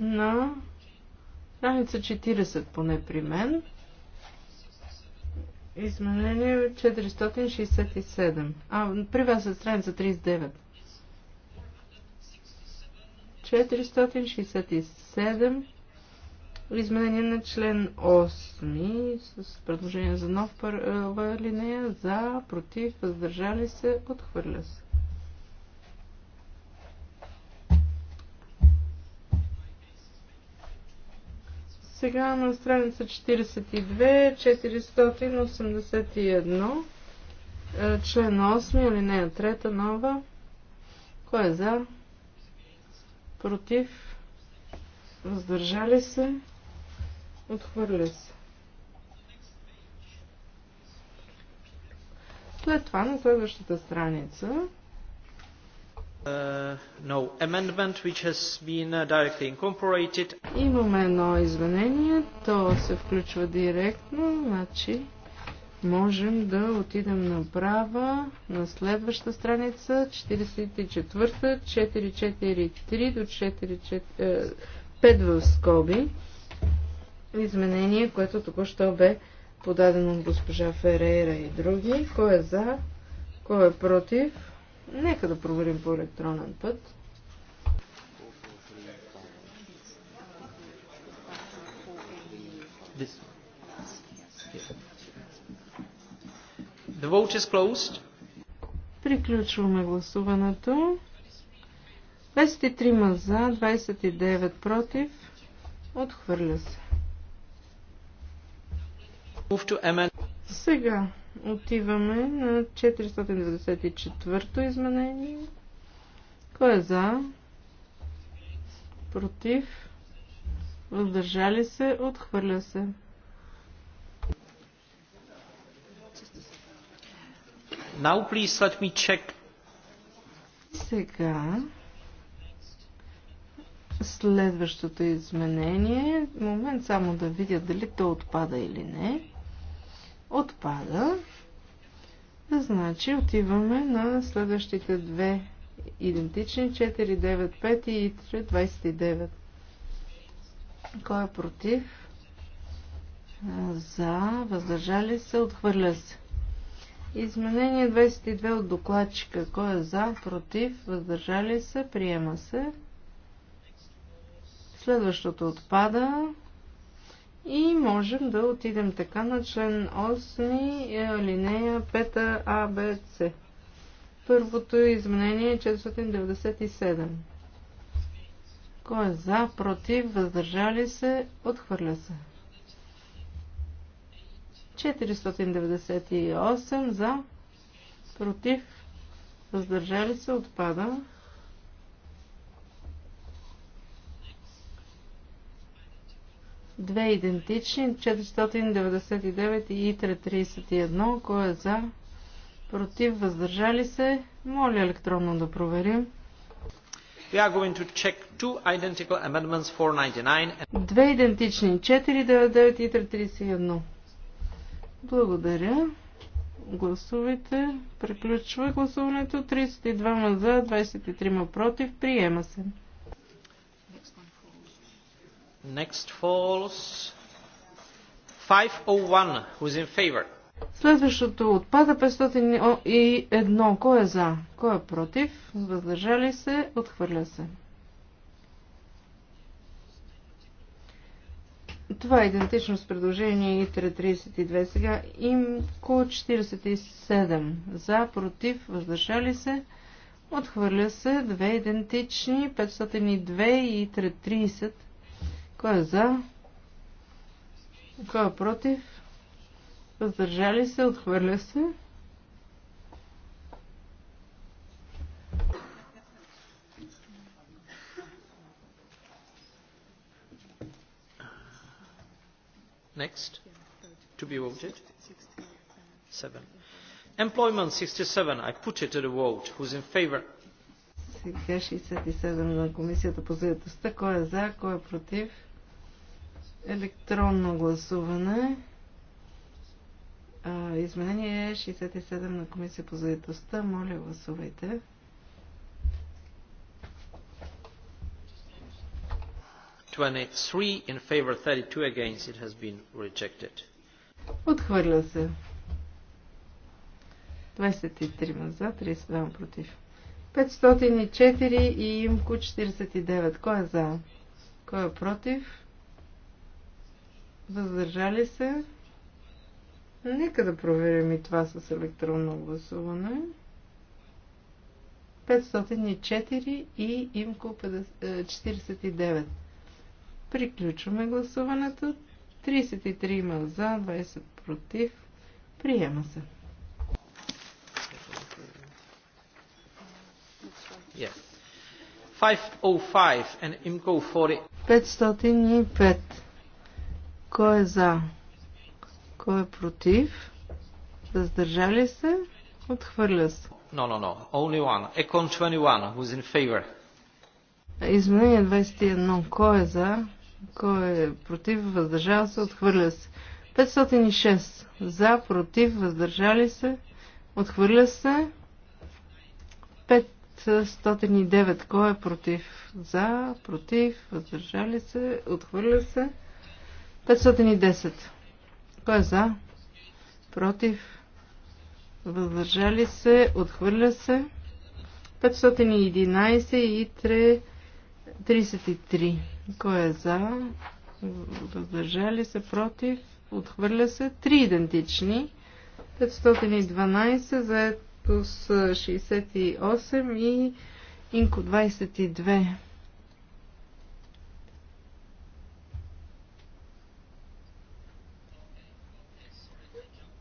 на страница 40, поне при мен. Изменение 467. А, при вас е страница 39. 467 изменение на член 8 с предложение за нов първа е, линия за, против, въздържали се, отхвърля се. Сега на страница 42, 481, е, член 8, алинея 3, нова. Кой е за? против, въздържали се, отхвърля се. След това на следващата страница Uh, no amendment which has been uh, directly incorporated. Имаме едно изменение, то се включва директно, значи можем да отидем направо на следваща страница 44 443 до 445 5 е, в скоби изменение, което току-що бе подадено от госпожа Ферейра и други. Кой е за? Кой е против? Нека да проверим по електронен път. This The vote is closed. Приключваме гласуването. 23 за, 29 против. Отхвърля се. Сега отиваме на 494-то изменение. Кой е за? Против? Въздържали се? Отхвърля се. Now please let me check. Сега следващото изменение. Момент само да видя дали то отпада или не. Отпада. Значи отиваме на следващите две идентични 495 и 329. Кой е против? За, въздържали се, отхвърля се. Изменение 22 от докладчика. Кой е за, против, въздържали се, приема се. Следващото отпада. И можем да отидем така на член 8, линея 5 АБЦ. Първото изменение е 497. Кой е за, против, въздържали се, отхвърля се. 498 за, против, въздържали се, отпада. Две идентични, 499 и 331, кой е за, против, въздържали се, моля електронно да проверим. We are going to check two identical amendments 499 and... Две идентични, 499 и 331. Благодаря. Гласувайте. Приключва гласуването. 32 за, 23 против. Приема се. Next falls 501. Who's in favor? Следващото отпада 501. Кой е за? Кой е против? Въздържали се? Отхвърля се. Това е идентично с предложение и 32. Сега имко 47. За, против, въздържали се. Отхвърля се. Две идентични. 502 и 330. Кой е за? Кой е против? Въздържали се. Отхвърля се. Next. To be voted. Seven. Employment 67. I put it to the vote. Who's in favor? Сега 67 на комисията по заедостта. Кой е за, кой е против? Електронно гласуване. изменение 67 на комисия по заедостта. Моля, гласувайте. in favor, against. It has been rejected. Отхвърля се. 23 за, 32 против. 504 и имко 49. Кой е за? Кой е против? Въздържали се? Нека да проверим и това с електронно гласуване. 504 и имко 49. Приключваме гласуването. 33 има за, 20 против. Приема се. Yeah. 505 and IMCO 40. 505. Кой е за? Кой е против? Въздържали се? Отхвърля се. No, no, no. Only one. Econ 21. Who's in favor? Изменение 21. Кой е за? Кой е против? Въздържал се? Отхвърля се. 506. За, против, въздържали се. Отхвърля се. 509. Кой е против? За, против, въздържали се. Отхвърля се. 510. Кой е за? Против. Въздържали се. Отхвърля се. 511 и 3, 33. Кой е за? Въздържали се против? Отхвърля се. Три идентични. 512 заето с 68 и Инко 22.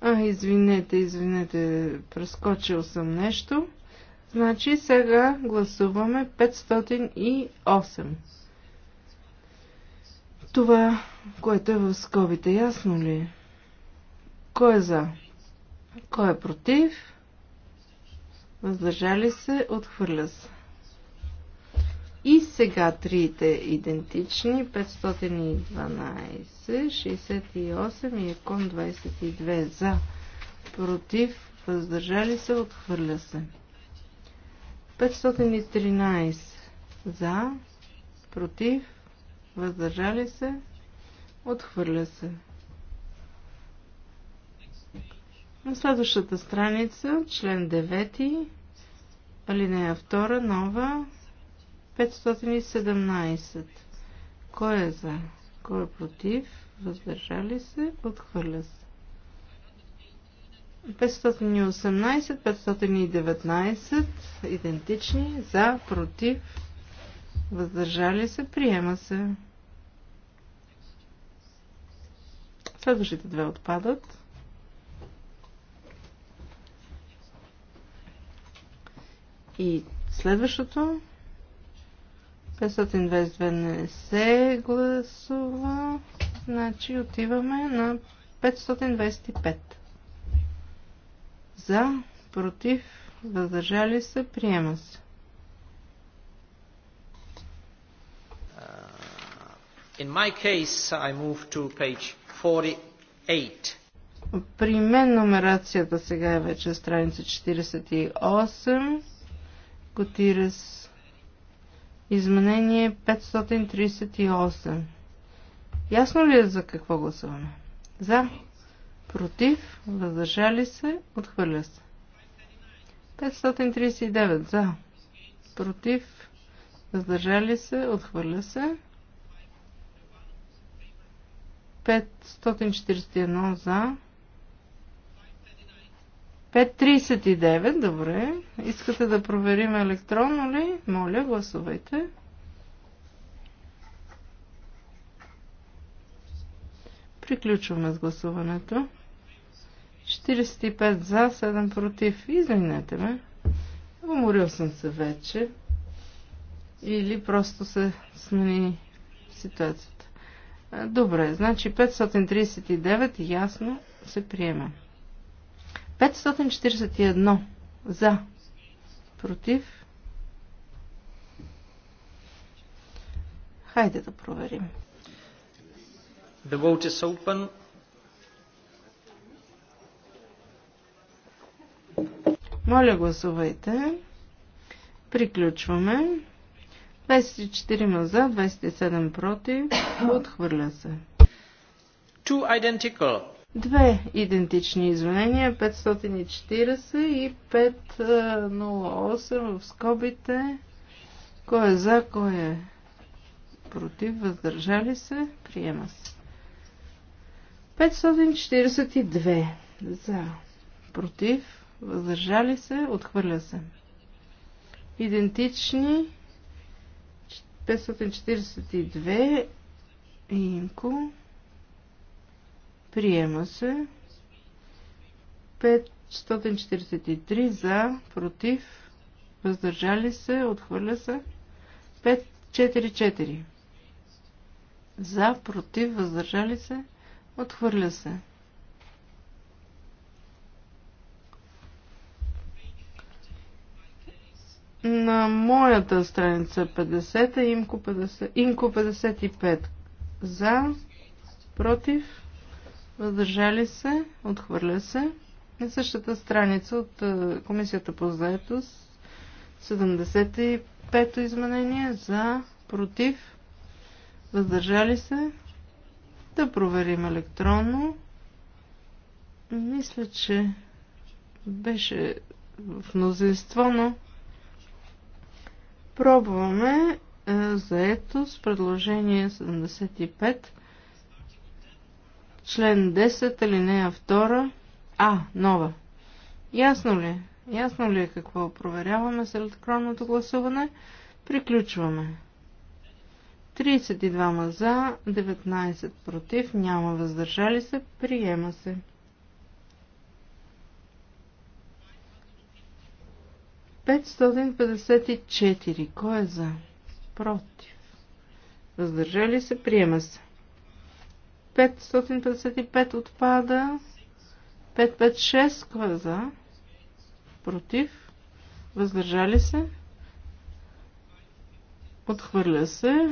А, извинете, извинете, прескочил съм нещо. Значи сега гласуваме 508. Това, което е в скобите, ясно ли? Кой е за? Кой е против? Въздържали се, отхвърля се. И сега трите идентични, 512, 68 и Екон 22 за, против, въздържали се, отхвърля се. 513 за, против, въздържали се, отхвърля се. На следващата страница, член 9, алинея 2, нова, 517. Кой е за? Кой е против? Въздържали се? Отхвърля се. 518, 519, идентични, за, против, Въздържали се, приема се. Следващите две отпадат. И следващото 522 не се гласува. Значи отиваме на 525. За, против, въздържали се, приема се. In my case, I move to page 48. При мен номерацията сега е вече страница 48. Котирес. Изменение 538. Ясно ли е за какво гласуваме? За. Против. Въздържали се. Отхвърля се. 539. За. Против. Въздържали се. Отхвърля се. 541 за. 539, добре. Искате да проверим електронно ли? Моля, гласувайте. Приключваме с гласуването. 45 за, 7 против. Извинете ме. Уморил съм се вече. Или просто се смени ситуация. Добре, значи 539 ясно се приема. 541 за, против. Хайде да проверим. The vote is open. Моля, гласувайте. Приключваме. 24 за, 27 против. Отхвърля се. Two identical. Две идентични извинения, 540 и 508 в скобите. Кой е за, кой е против, въздържали се, приема се. 542 за, против, въздържали се, отхвърля се. Идентични 542 Инко. Приема се. 543 за, против, въздържали се, отхвърля се. 544 за, против, въздържали се, отхвърля се. на моята страница 50 Имко, 50, 55. За, против, въздържали се, отхвърля се. На същата страница от е, Комисията по заетост 75-то изменение за, против, въздържали се. Да проверим електронно. Мисля, че беше в мнозинство, но Пробваме е, заето с предложение 75, член 10, алинея 2. А, нова. Ясно ли? Ясно ли е какво проверяваме с електронното гласуване? Приключваме. 32 за, 19 против, няма въздържали се, приема се. 554. Кой е за? Против. Въздържали се, приема се. 555 отпада. 556. Кой е за? Против. Въздържали се. Отхвърля се.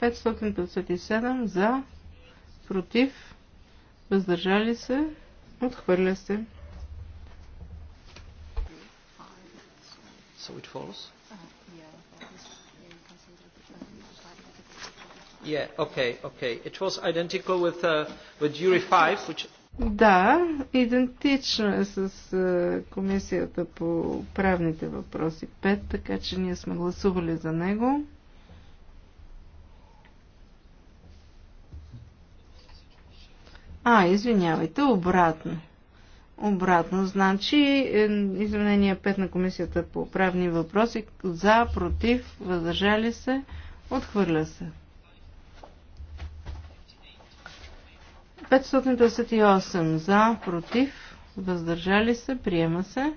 557 за. Против. Въздържали се. Отхвърля се. So it follows? Yeah, okay, okay. It was identical with, uh, with jury 5, which... Да, идентично е с uh, комисията по правните въпроси 5, така че ние сме гласували за него. А, извинявайте, обратно. Обратно, значи е, изменение 5 на комисията по правни въпроси за, против, въздържали се, отхвърля се. 558 за, против, въздържали се, приема се.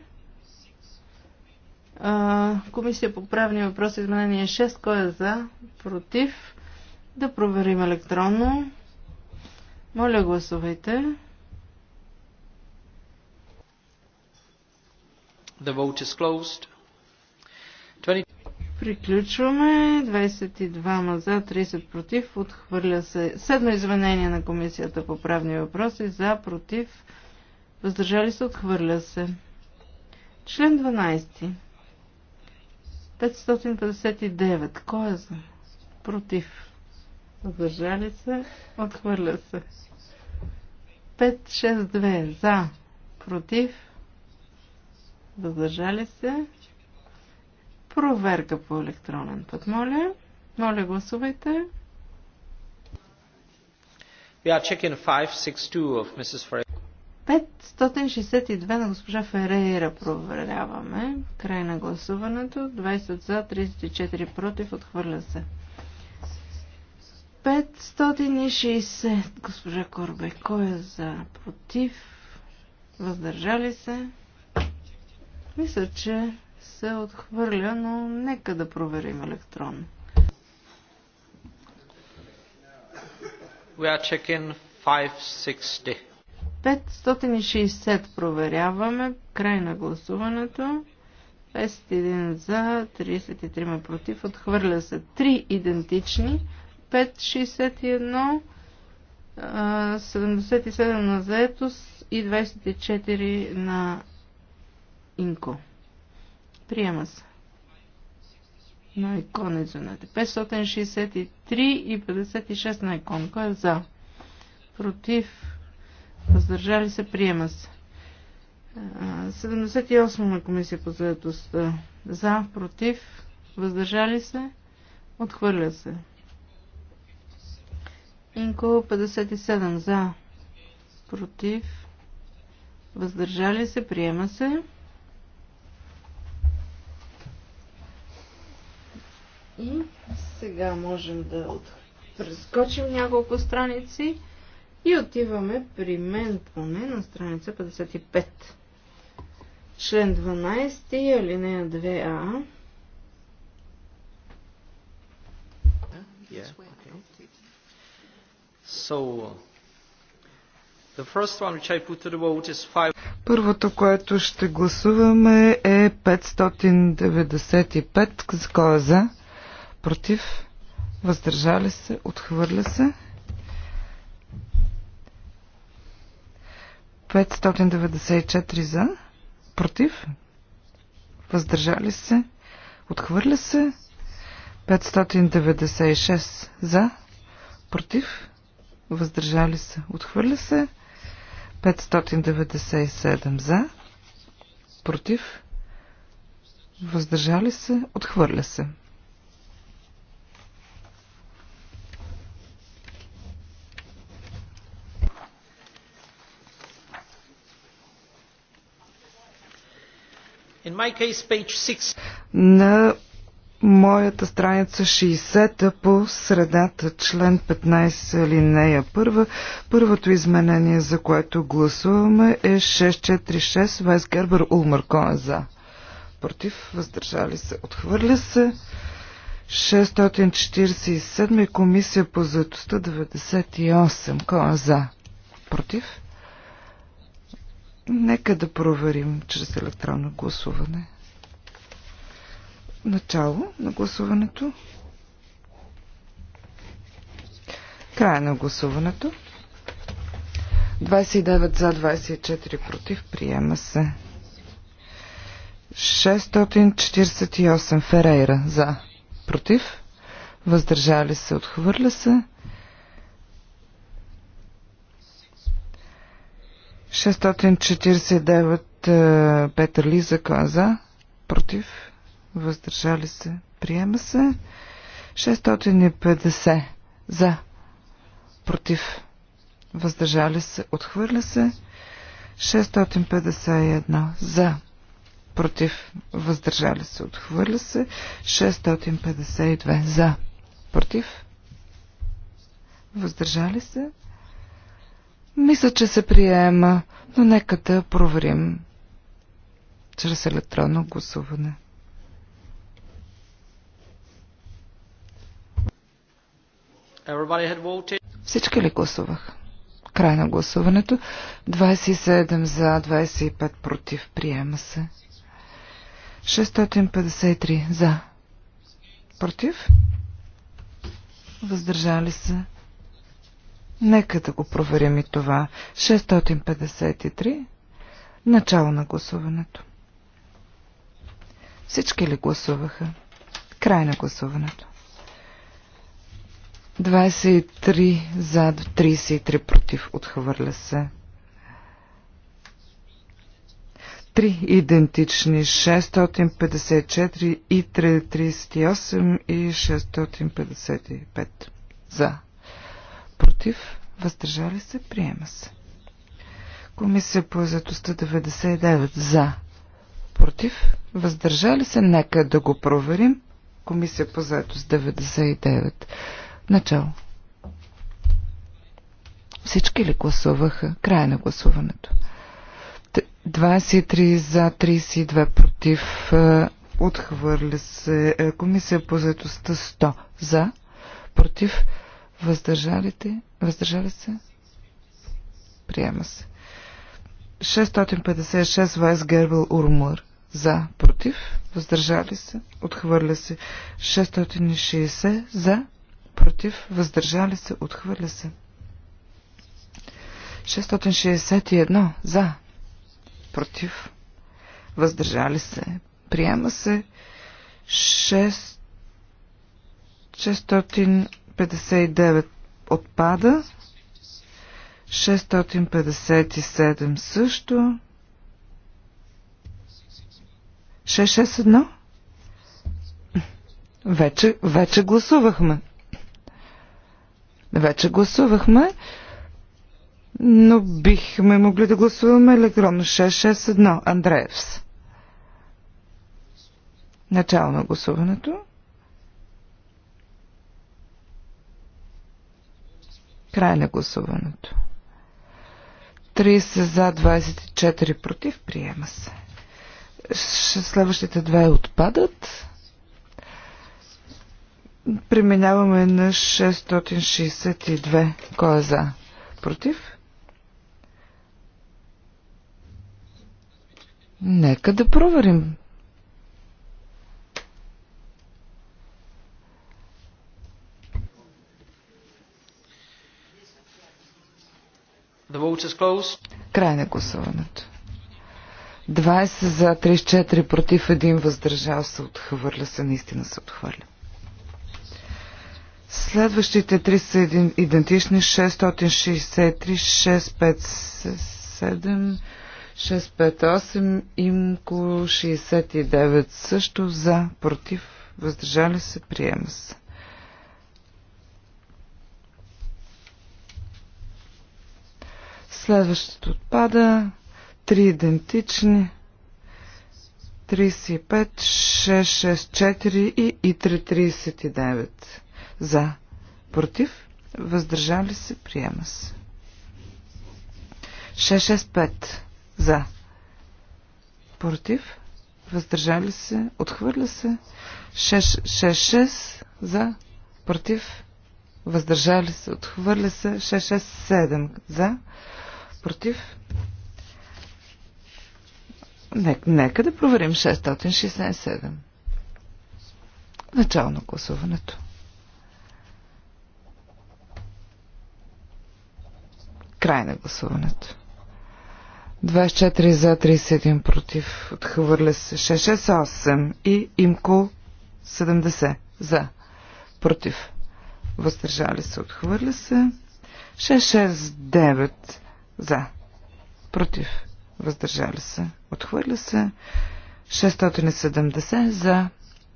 комисия по правни въпроси, изменение 6, кой е за, против, да проверим електронно. Моля, гласувайте. The vote is closed. 20... Приключваме. 22 за, 30 против. Отхвърля се седно извинение на Комисията по правни въпроси. За, против. Въздържали се, отхвърля се. Член 12. 559. Кой е за? Против. Въздържали се, отхвърля се. 562. За, против въздържали се. Проверка по електронен път, моля. Моля, гласувайте. We are checking 562 of Mrs. Ferreira. 562 на госпожа Ферейра проверяваме. Край на гласуването. 20 за, 34 против. Отхвърля се. 560. Госпожа Корбе, кой е за? Против? Въздържали се? Мисля, че се отхвърля, но нека да проверим електронно. We are checking 560. 560 проверяваме. Край на гласуването. 21 за, 33 против. Отхвърля се 3 идентични. 561, 77 на заетост и 24 на Инко. Приема се. На икон извинете. 563 и 56 на икон. Кой е за? Против. Въздържали се. Приема се. 78 на комисия по заедостта. За, против, въздържали се, отхвърля се. Инко 57 за, против, въздържали се, приема се. И сега можем да прескочим няколко страници и отиваме при мен поне на страница 55. Член 12, алинея 2а. Първото, което ще гласуваме е 595. Кой е за? против, въздържали се, отхвърля се. 594 за, против, въздържали се, отхвърля се. 596 за, против, въздържали се, отхвърля се. 597 за, против, въздържали се, отхвърля се. На моята страница 60 по средата, член 15 линея първа. Първото изменение, за което гласуваме е 646 Вайс Гербер Улмаркон е за. Против, въздържали се, отхвърля се. 647 комисия по заедостта 98. Кой е за? Против? Нека да проверим чрез електронно гласуване. Начало на гласуването. Края на гласуването. 29 за 24 против. Приема се. 648 Ферейра за. Против. Въздържали се. Отхвърля се. 649 е, Петър Лиза за, против, въздържали се, приема се. 650 за, против, въздържали се, отхвърля се. 651 за, против, въздържали се, отхвърля се. 652 за, против, въздържали се, мисля, че се приема, но нека да проверим чрез електронно гласуване. Всички ли гласуваха? Край на гласуването. 27 за, 25 против. Приема се. 653 за. Против? Въздържали се. Нека да го проверим и това. 653. Начало на гласуването. Всички ли гласуваха? Край на гласуването. 23 за, 33 против. Отхвърля се. Три идентични 654 и 338 и 655 за против, въздържали се, приема се. Комисия по заедостта 99 за, против, въздържали се, нека да го проверим. Комисия по заедост 99. Начало. Всички ли гласуваха? Край на гласуването. 23 за, 32 против, е, отхвърля се. Е, комисия по заедостта 100 за, против, Въздържалите? Въздържали се? Приема се. 656 Вайс Гербел Урмър. За. Против. Въздържали се. Отхвърля се. 660 за. Против. Въздържали се. Отхвърля се. 661 за. Против. Въздържали се. Приема се. 6 600 59 отпада. 657 също. 661? Вече, вече гласувахме. Вече гласувахме, но бихме могли да гласуваме електронно 661 Андреевс. Начало на гласуването. Край на гласуването. 30 за, 24 против. Приема се. Следващите две отпадат. Преминаваме на 662. Кой е за? Против? Нека да проверим. Край на гласуването. 20 за, 34 против, 1 въздържал се, отхвърля се, наистина се отхвърля. Следващите три са идентични 663, 657, 658, имко 69 също за, против, въздържали се, приема се. Следващото отпада. Три идентични. 35, 6, 6, 4 и ИТРЕ 39. За. Против. Въздържали се. Приема се. 665. За. Против. Въздържали се. Отхвърля се. 666. За. Против. Въздържали се. Отхвърля се. 667. За. Против? Нека, да проверим 667. Начало на гласуването. Край на гласуването. 24 за 31 против. Отхвърля се 668 и имко 70 за. Против. Въздържали се. Отхвърля се. 669 за. Против. Въздържали се. Отхвърля се. 670 за.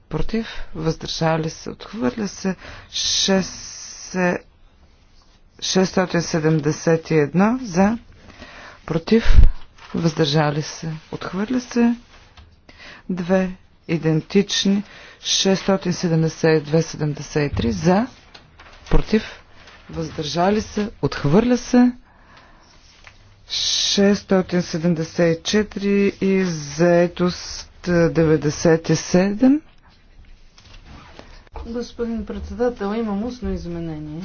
Против. Въздържали се. Отхвърля се. 6... 671 за. Против. Въздържали се. Отхвърля се. 2. Идентични. 672-73 за. Против. Въздържали се. Отхвърля се. 674 и заетост 97. Е, Господин председател, имам устно изменение.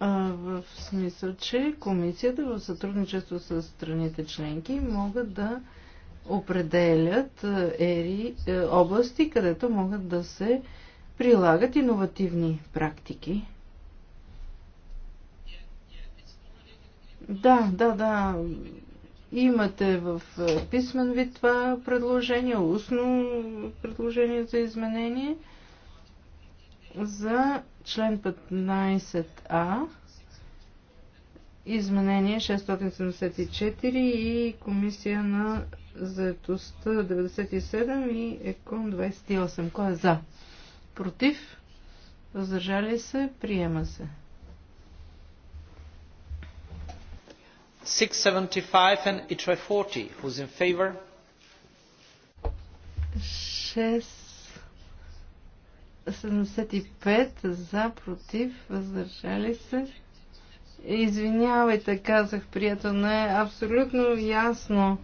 в смисъл, че комисията в сътрудничество с страните членки могат да определят е, ери, е, области, където могат да се прилагат иновативни практики Да, да, да. Имате в е, писмен вид това предложение, устно предложение за изменение за член 15а изменение 674 и комисия на заетостта 97 и ЕКОН 28. Кой е за? Против? Въздържали се? Приема се. 675 and ITRE 40. Who's in favor? 675 за, против, въздържали се. Извинявайте, казах прието, но е абсолютно ясно.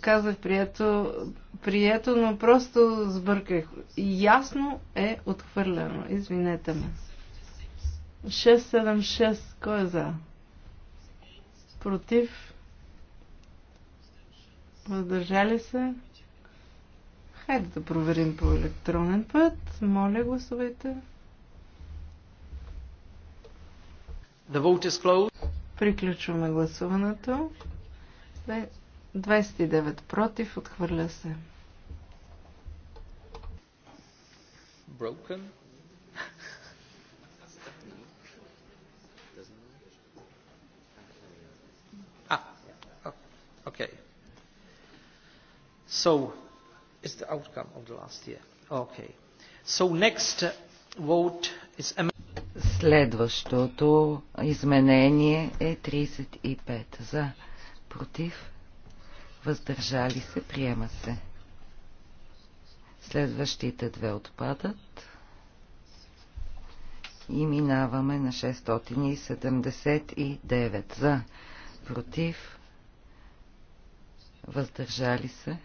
казах прието, прието, но просто сбърках. Ясно е отхвърлено. Извинете ме. 676. Кой е за? против, въздържали се. Хайде да проверим по електронен път. Моля, гласувайте. The vote is closed. Приключваме гласуването. 29 против, отхвърля се. Broken. Okay. So is the outcome of the last year. Okay. So next vote is Следващото изменение е 35 за против въздържали се приема се. Следващите две отпадат и минаваме на 679 за против въздържали се.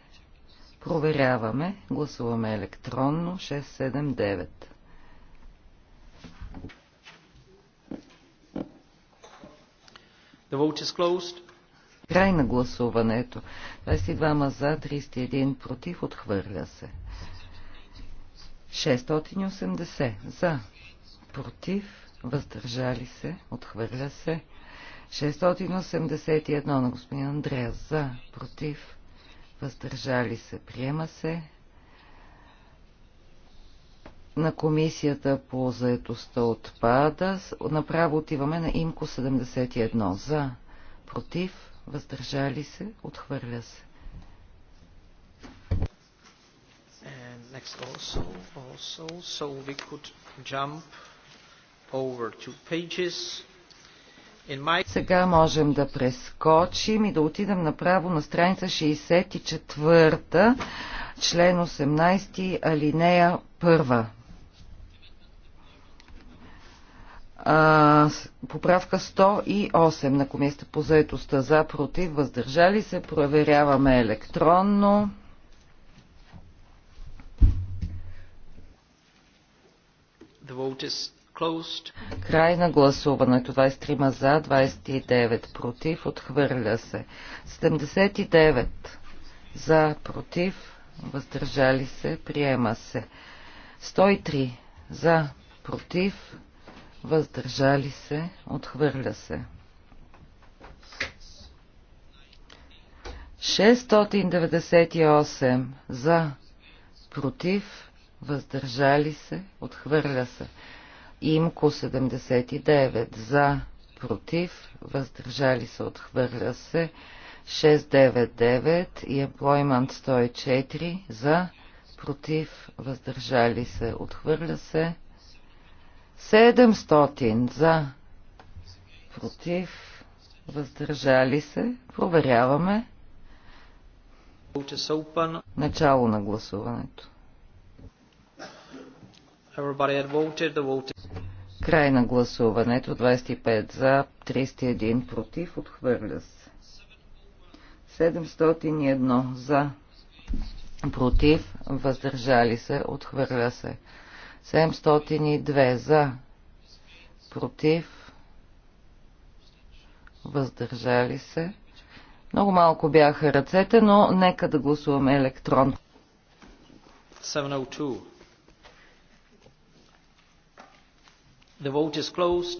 Проверяваме. Гласуваме електронно 679. The vote is closed. Край на гласуването. 22 за, 31 против, отхвърля се. 680 за, против, въздържали се, отхвърля се. 681 на господин Андреас за, против, въздържали се, приема се. На комисията по заедостта отпада. Направо отиваме на имко 71 за, против, въздържали се, отхвърля се. next also, also, so we could jump over two pages. Сега можем да прескочим и да отидем направо на страница 64, член 18, алинея 1. А, поправка 108 на комисията по заедостта за против, въздържали се, проверяваме електронно. The vote is Край на гласуването. 23 за, 29 против. Отхвърля се. 79 за, против. Въздържали се. Приема се. 103 за, против. Въздържали се. Отхвърля се. 698 за, против, въздържали се, отхвърля се. Имко 79 за, против, въздържали се, отхвърля се. 699 и Employment 104 за, против, въздържали се, отхвърля се. 700 за, против, въздържали се, проверяваме. Начало на гласуването. Край на гласуването. 25 за, 301 против. Отхвърля се. 701 за, против. Въздържали се. Отхвърля се. 702 за, против. Въздържали се. Много малко бяха ръцете, но нека да гласуваме електрон. 702.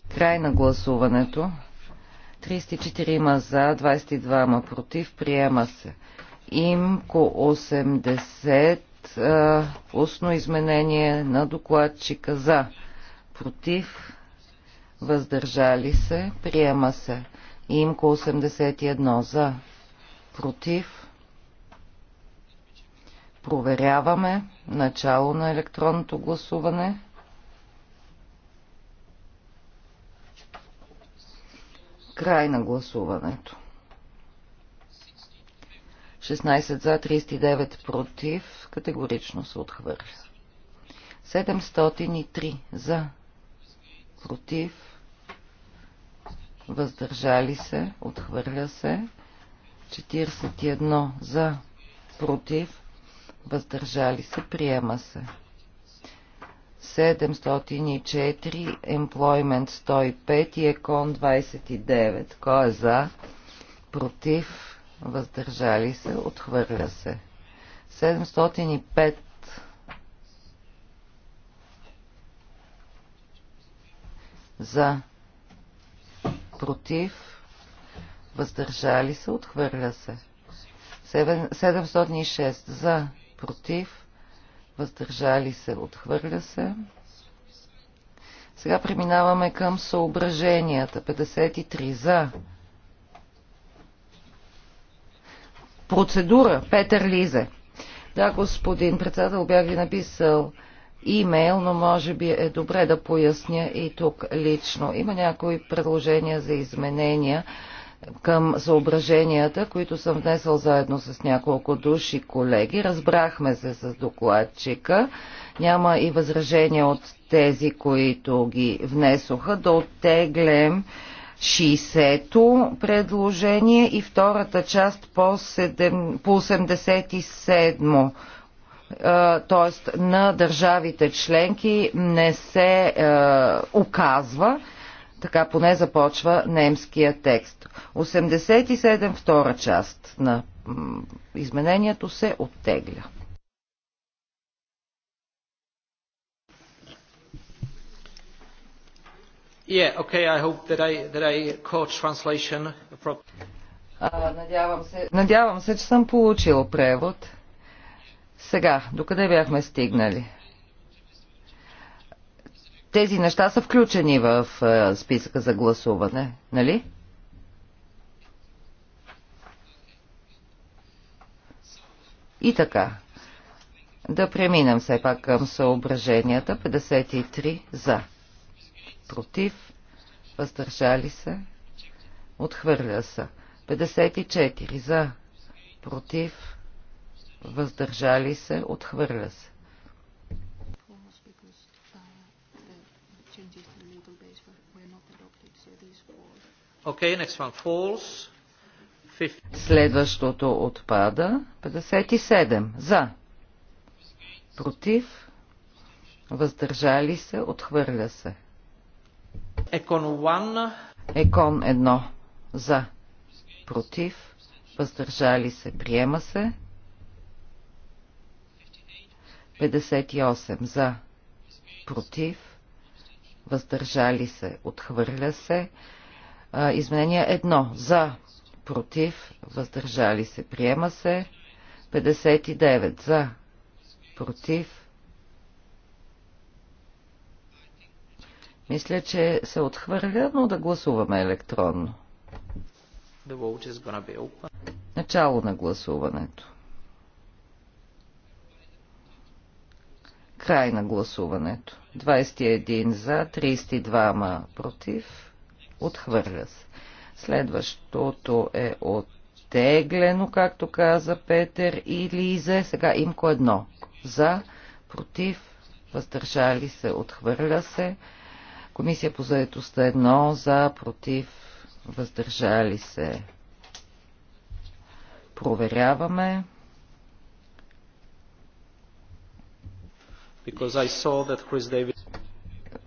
Край на гласуването. 34 за, 22 ма против. Приема се. Имко 80. устно изменение на докладчика за. Против. Въздържали се. Приема се. Имко 81 за. Против. Проверяваме начало на електронното гласуване. Край на гласуването. 16 за, 39 против. Категорично се отхвърля. 703 за, против. Въздържали се, отхвърля се. 41 за, против. Въздържали се, приема се. 704, Employment 105 и Екон 29. Кой е за? Против? Въздържали се? Отхвърля се. 705. За. Против? Въздържали се? Отхвърля се. 706. За. Против? въздържали се, отхвърля се. Сега преминаваме към съображенията. 53 за. Процедура. Петър Лизе. Да, господин председател, бях ви написал имейл, но може би е добре да поясня и тук лично. Има някои предложения за изменения към съображенията, които съм внесъл заедно с няколко души колеги. Разбрахме се с докладчика. Няма и възражения от тези, които ги внесоха. Да оттеглем 60-то предложение и втората част по, 7, по 87-мо т.е. на държавите членки не се е, оказва така поне започва немския текст. 87 втора част на изменението се оттегля. Yeah, okay, I hope that I, that I caught translation. А, надявам, се, надявам се, че съм получил превод. Сега, докъде бяхме стигнали? тези неща са включени в е, списъка за гласуване, нали? И така. Да преминем все пак към съображенията. 53 за. Против. Въздържали се. Отхвърля се. 54 за. Против. Въздържали се. Отхвърля се. Okay, next one 50. Следващото отпада. 57. За. Против. Въздържали се. Отхвърля се. Екон 1. Екон 1. За. Против. Въздържали се. Приема се. 58. За. Против. Въздържали се. Отхвърля се. Изменение 1. За. Против. Въздържали се. Приема се. 59. За. Против. Мисля, че се отхвърля, но да гласуваме електронно. Начало на гласуването. Край на гласуването. 21 за, 32 против. Отхвърля се. Следващото е оттеглено, както каза Петър и Лизе. Сега имко едно. За, против, въздържали се, отхвърля се. Комисия по заедостта едно, за, против, въздържали се. Проверяваме. Because I saw that Chris Davis...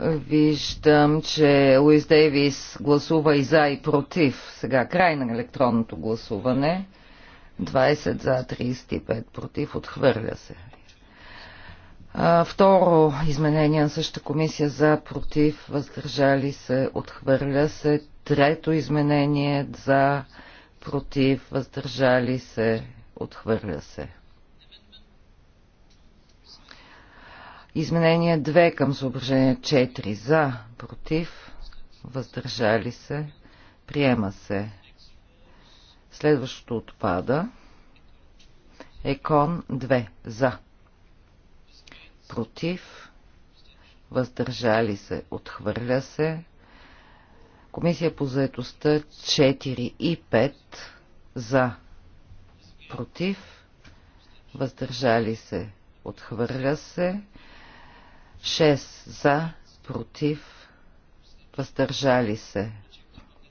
Виждам, че Луис Дейвис гласува и за, и против. Сега край на електронното гласуване. 20 за, 35 против. Отхвърля се. А, второ изменение на същата комисия за, против, въздържали се, отхвърля се. Трето изменение за, против, въздържали се, отхвърля се. Изменение 2 към съображение 4 за, против, въздържали се, приема се. Следващото отпада. Екон 2 за, против, въздържали се, отхвърля се. Комисия по заедостта 4 и 5 за, против, въздържали се, отхвърля се. 6 за, против, въздържали се,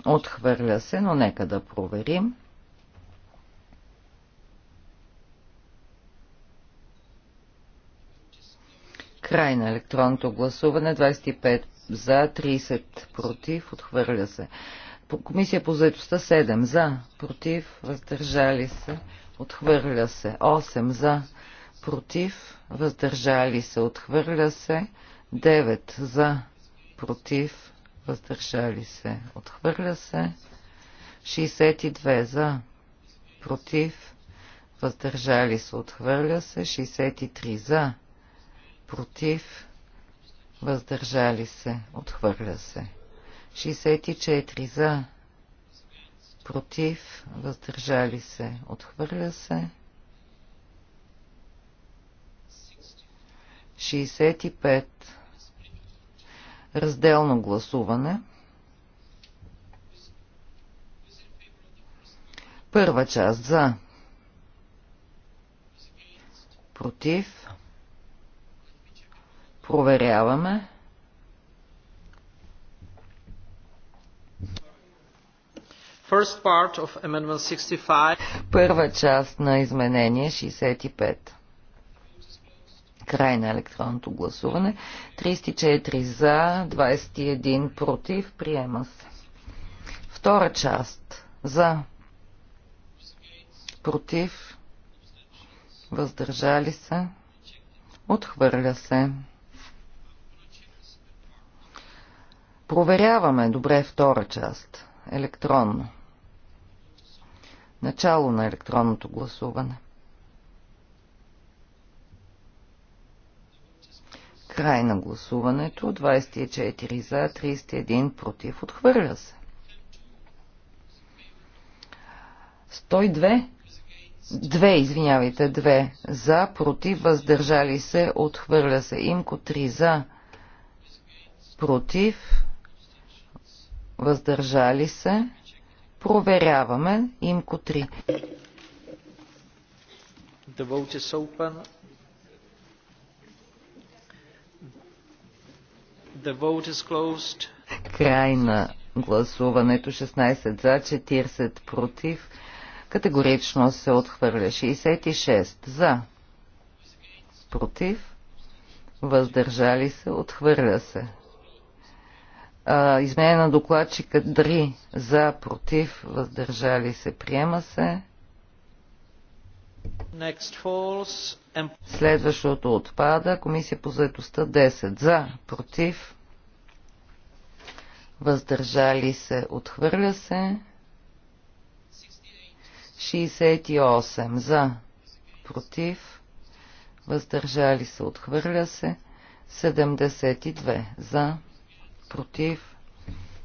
отхвърля се, но нека да проверим. Край на електронното гласуване, 25 за, 30 против, отхвърля се. Комисия по заедостта 7 за, против, въздържали се, отхвърля се, 8 за, против, въздържали се, отхвърля се. 9 за, против, въздържали се, отхвърля се. 62 за, против, въздържали се, отхвърля се. 63 за, против, въздържали се, отхвърля се. 64 за, против, въздържали се, отхвърля се. 65. Разделно гласуване. Първа част за. Против. Проверяваме. Първа част на изменение 65. Край на електронното гласуване. 34 за, 21 против. Приема се. Втора част. За. Против. Въздържали се. Отхвърля се. Проверяваме добре втора част. Електронно. Начало на електронното гласуване. 34. Край на гласуването. 24 за, 31 против. Отхвърля се. 102. Две, извинявайте, две. За, против, въздържали се, отхвърля се. Имко 3 за, против, въздържали се. Проверяваме. Имко 3. The vote is open. Край на гласуването 16 за, 40 против. Категорично се отхвърля 66 за, против, въздържали се, отхвърля се. А, докладчика 3 за, против, въздържали се, приема се. Следващото отпада. Комисия по заедостта 10. За, против, въздържали се, отхвърля се. 68. За, против, въздържали се, отхвърля се. 72. За, против,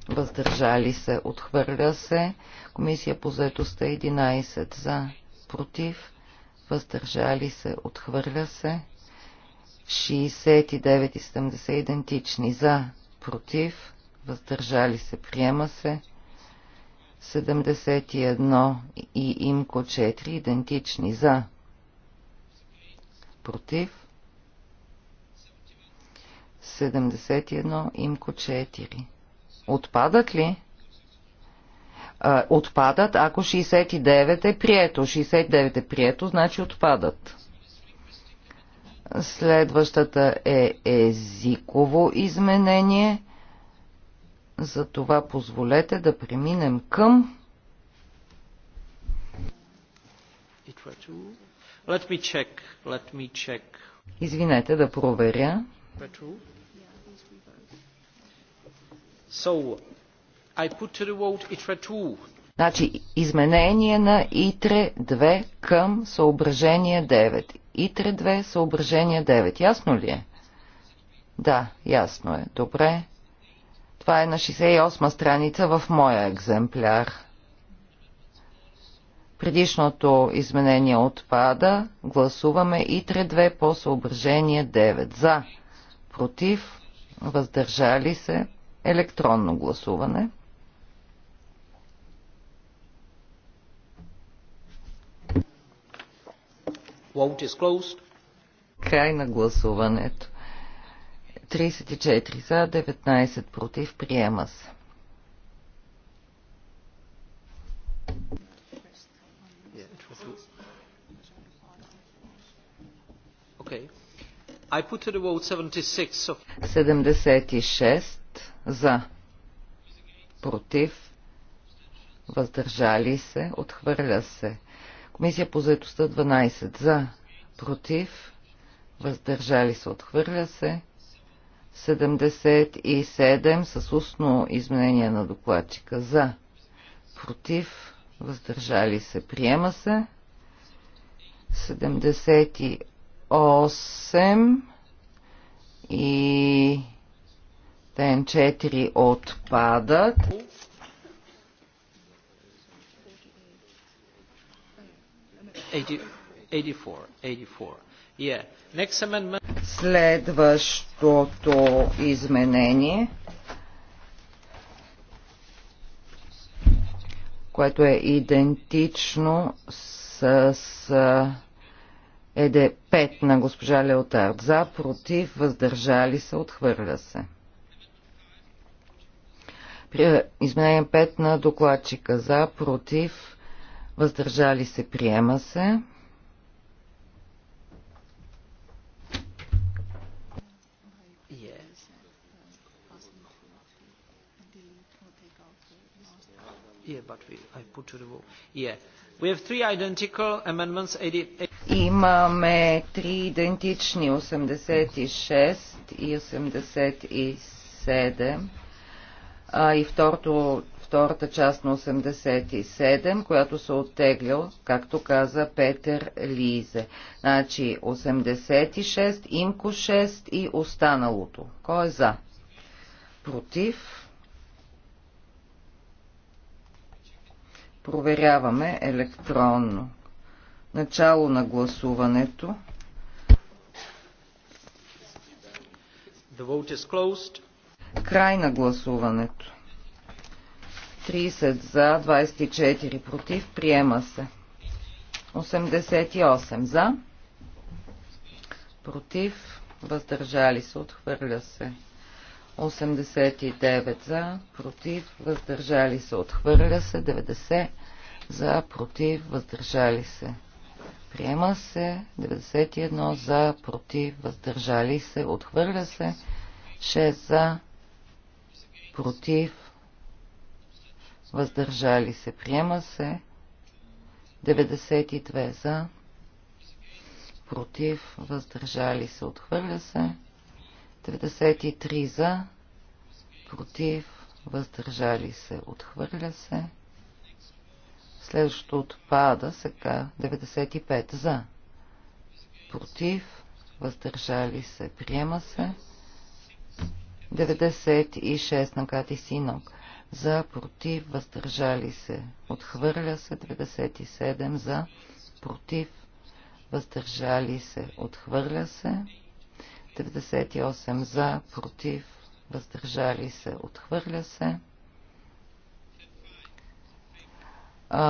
въздържали се, отхвърля се. Комисия по заедостта 11. За, против, въздържали се, отхвърля се. 69 и 70 идентични за, против, въздържали се, приема се. 71 и имко 4 идентични за, против. 71 имко 4. Отпадат ли? отпадат, ако 69 е прието. 69 е прието, значи отпадат. Следващата е езиково изменение. За това позволете да преминем към Let me check. Let me check. Извинете да проверя. So, E значи изменение на ИТРЕ 2 към съображение 9. ИТРЕ 2 съображение 9. Ясно ли е? Да, ясно е. Добре. Това е на 68 страница в моя екземпляр. Предишното изменение отпада. Гласуваме ИТРЕ 2 по съображение 9. За, против, въздържали се, електронно гласуване. Край на гласуването. 34 за, 19 против. Приема се. Okay. I put to the vote 76 of... 76 за, против, въздържали се, отхвърля се. Комисия по заедостта 12 за, против, въздържали се, отхвърля се. 77 с устно изменение на докладчика за, против, въздържали се, приема се. 78 и ТН4 отпадат. Следващото изменение, което е идентично с, ЕД5 на госпожа Леотард. За, против, въздържали се, отхвърля се. Е, изменение 5 на докладчика. За, против, Въздържали се, приема се. Имаме три идентични 86 и 87 и второто втората част на 87, която се оттегля, както каза Петър Лизе. Значи 86, имко 6 и останалото. Кой е за? Против? Проверяваме електронно. Начало на гласуването. Край на гласуването. 30 за, 24 против. Приема се. 88 за. Против. Въздържали се. Отхвърля се. 89 за. Против. Въздържали се. Отхвърля се. 90 за. Против. Въздържали се. Приема се. 91 за. Против. Въздържали се. Отхвърля се. 6 за. Против въздържали се, приема се. 92 за, против, въздържали се, отхвърля се. 93 за, против, въздържали се, отхвърля се. Следващото отпада сега 95 за, против, въздържали се, приема се. 96 на Кати Синок за, против, въздържали се. Отхвърля се 97 за, против, въздържали се. Отхвърля се 98 за, против, въздържали се. Отхвърля се. А,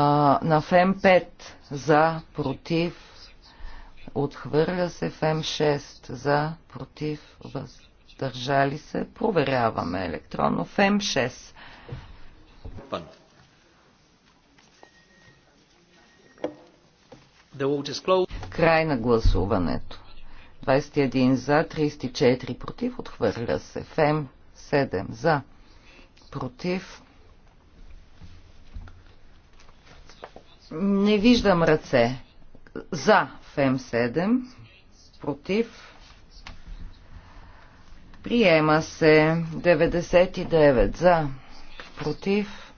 на ФЕМ 5 за, против, отхвърля се ФЕМ 6 за, против, въздържали се. Проверяваме електронно ФЕМ 6. Край на гласуването. 21 за, 34 против, отхвърля се. ФЕМ 7 за, против. Не виждам ръце. За ФЕМ 7, против. Приема се 99 за против,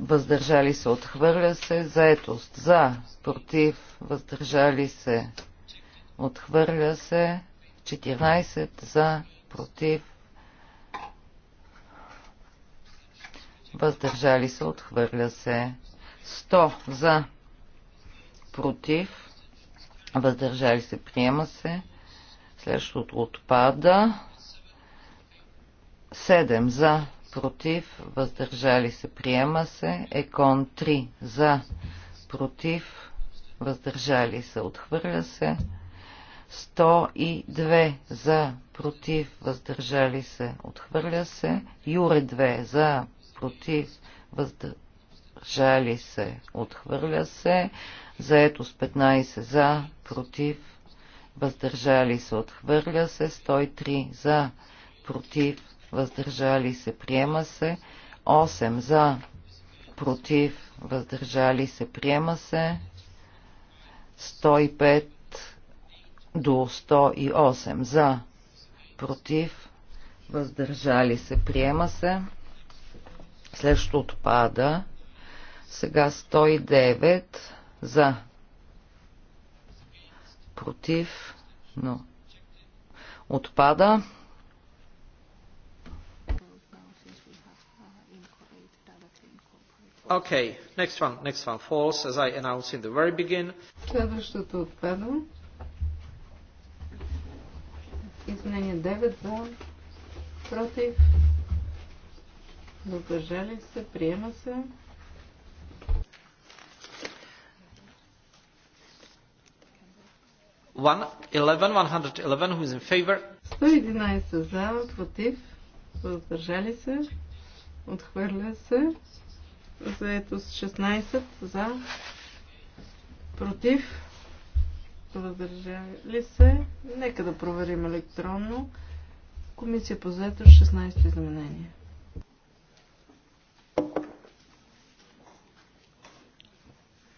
въздържали се, отхвърля се, заетост за, против, въздържали се, отхвърля се, 14 за, против, въздържали се, отхвърля се, 100 за, против, въздържали се, приема се, следващото отпада, 7 за, против, въздържали се, приема се. Екон 3 за, против, въздържали се, отхвърля се. 102 за, против, въздържали се, отхвърля се. Юре 2 за, против, въздържали се, отхвърля се. Заето с 15 за, против, въздържали се, отхвърля се. 103 за, против, въздържали се, приема се. 8 за, против, въздържали се, приема се. 105 до 108 за, против, въздържали се, приема се. Следващото отпада. Сега 109 за, против, но отпада. Okay, next one, next one falls, as I announced in the very beginning. Следващото отпада. Изменение 9 за, против, въздържали се, приема се. One, 11, 111, who is in favor? 111 за, против, въздържали се, отхвърля се. Заето с 16 за. Против. Въздържали се. Нека да проверим електронно. Комисия по заето 16 изменения.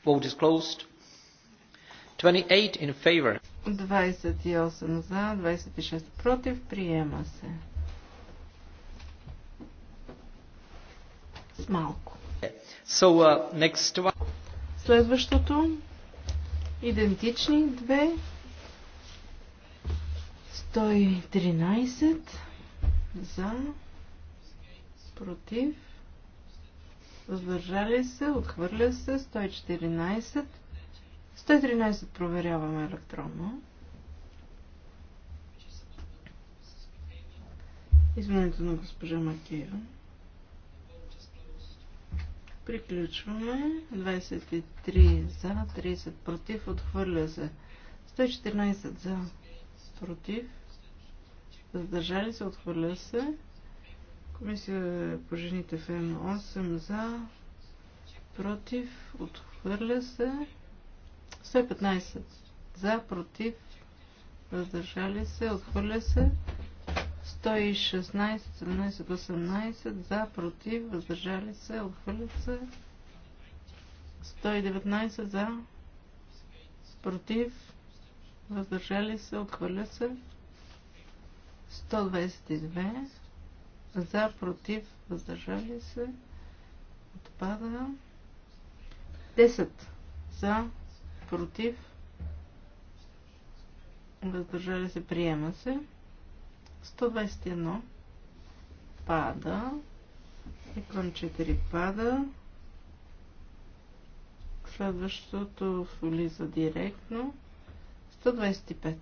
Vote is closed. 28 in favor. 28 за, 26 против. Приема се. С малко. So, uh, next one. Следващото. Идентични две. 113 за против въздържали се, отхвърля се 114 113 проверяваме електронно Извинете на госпожа Макеева Приключваме. 23 за, 30 против, отхвърля се. 114 за, против, Задържали се, отхвърля се. Комисия по жените ФМ 8 за, против, отхвърля се. 115 за, против, въздържали се, отхвърля се. 116, 17, 18 за, против, въздържали се, отхвърлят се. 119 за, против, въздържали се, отхвърля се. 122 за, против, въздържали се, отпада. 10 за, против, въздържали се, приема се. 121 пада. Екран 4 пада. Следващото влиза директно. 125.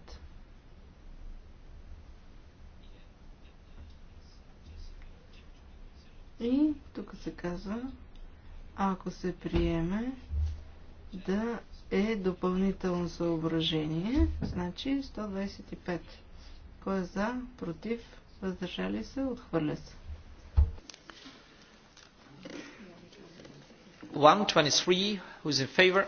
И тук се казва, ако се приеме да е допълнително съображение, значи 125. Кой е за? Против? Въздържали се? Отхвърля се. 123, who's in favor?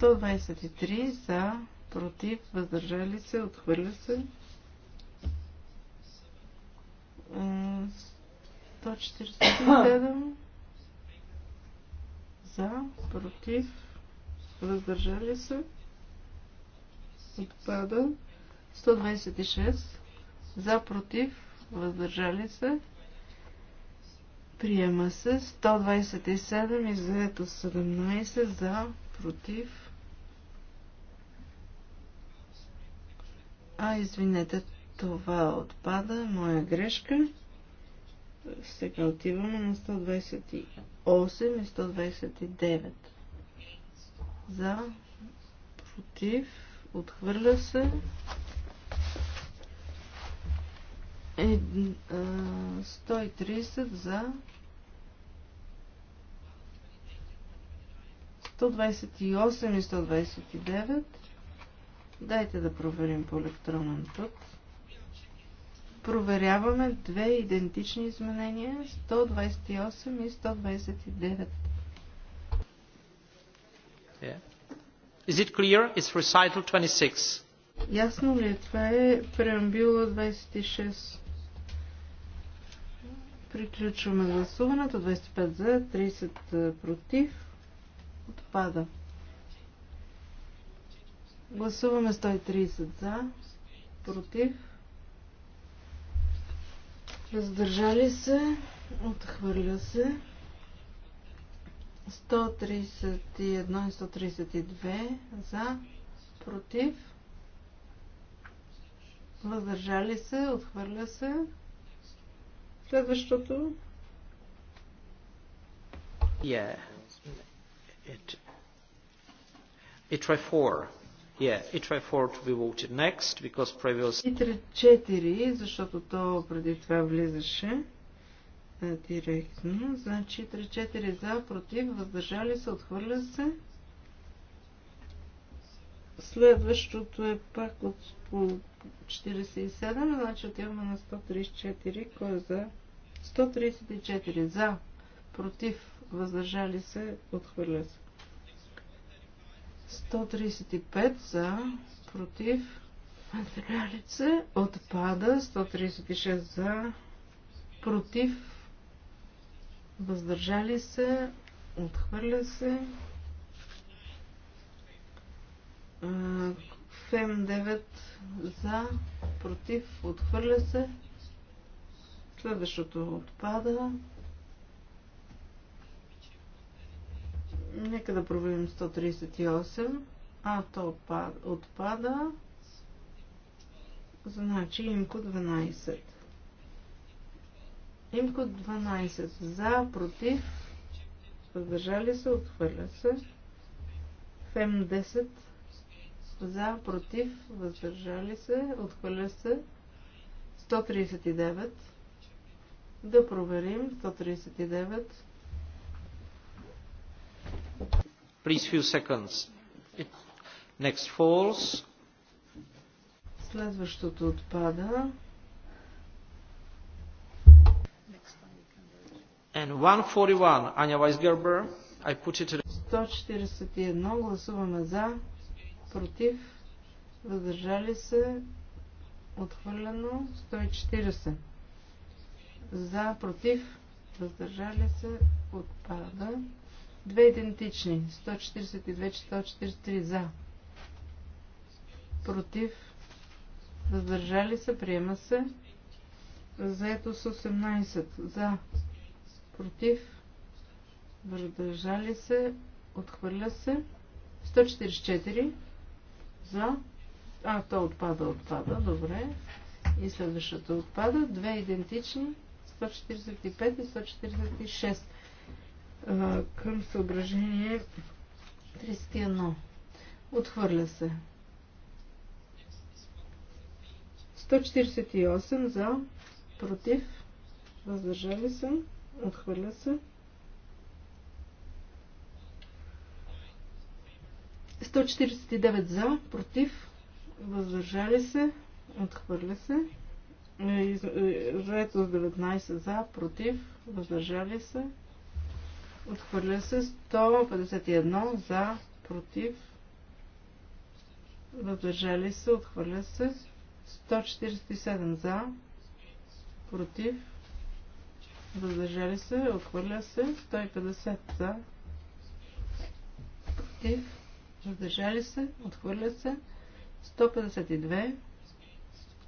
123 за, против, въздържали се, отхвърля се. 147 за, против, въздържали се, отпада. 126 за против, въздържали се. Приема се 127 и заето 17 за против. А, извинете, това отпада, моя грешка. Сега отиваме на 128 и 129. За, против, отхвърля се. 130 е, е, за 128 и 129. Дайте да проверим по електронен път. Проверяваме две идентични изменения 128 и 129. Yeah. Is it clear? It's recital 26. Ясно ли е? Това е преамбюла 26. Приключваме гласуването. 25 за, 30 против. Отпада. Гласуваме 130 за, против. Раздържали се. Отхвърля се. 131 и 132 за, против. Въздържали се. Отхвърля се. Следващото. Yeah. It, ITRE 4. Yeah, ITRE 4 to be voted next, because previous... 4, защото то преди това влизаше е, директно. Значи 3-4 за, против, въздържали се, отхвърля се. Следващото е пак от 47, значи отиваме на 134, кой е за, 134 за, против, въздържали се, отхвърля се. 135 за, против, въздържали се, отпада. 136 за, против, въздържали се, отхвърля се. ФЕМ 9 за, против, отхвърля се. Следващото отпада. Нека да проверим 138. А, то отпада. Значи имко 12. Имко 12. За, против, въздържали се, отхвърля се. Фем 10. За, против, въздържали се, отхвърля се. 139. Да проверим 139. Please few seconds. It next falls. Следващото отпада. And 141, Anya Weisgerber, I put it... 141, гласуваме за, против, въздържали се, отхвърлено, 140 за, против, въздържали се, отпада. Две идентични, 142-143 за, против, въздържали се, приема се. Заето с 18 за, против, въздържали се, отхвърля се. 144 за, а, то отпада, отпада, добре. И следващата отпада. Две идентични. 145 145 и 146 към съображение 31. Отхвърля се. 148 за, против, въздържали се, отхвърля се. 149 за, против, въздържали се, отхвърля се. Е, е, заето с 19 за, против, въздържали се. Отхвърля се 151 за, против, въздържали се, отхвърля се 147 за, против, въздържали се, отхвърля се 150 за, против, въздържали се, отхвърля се 152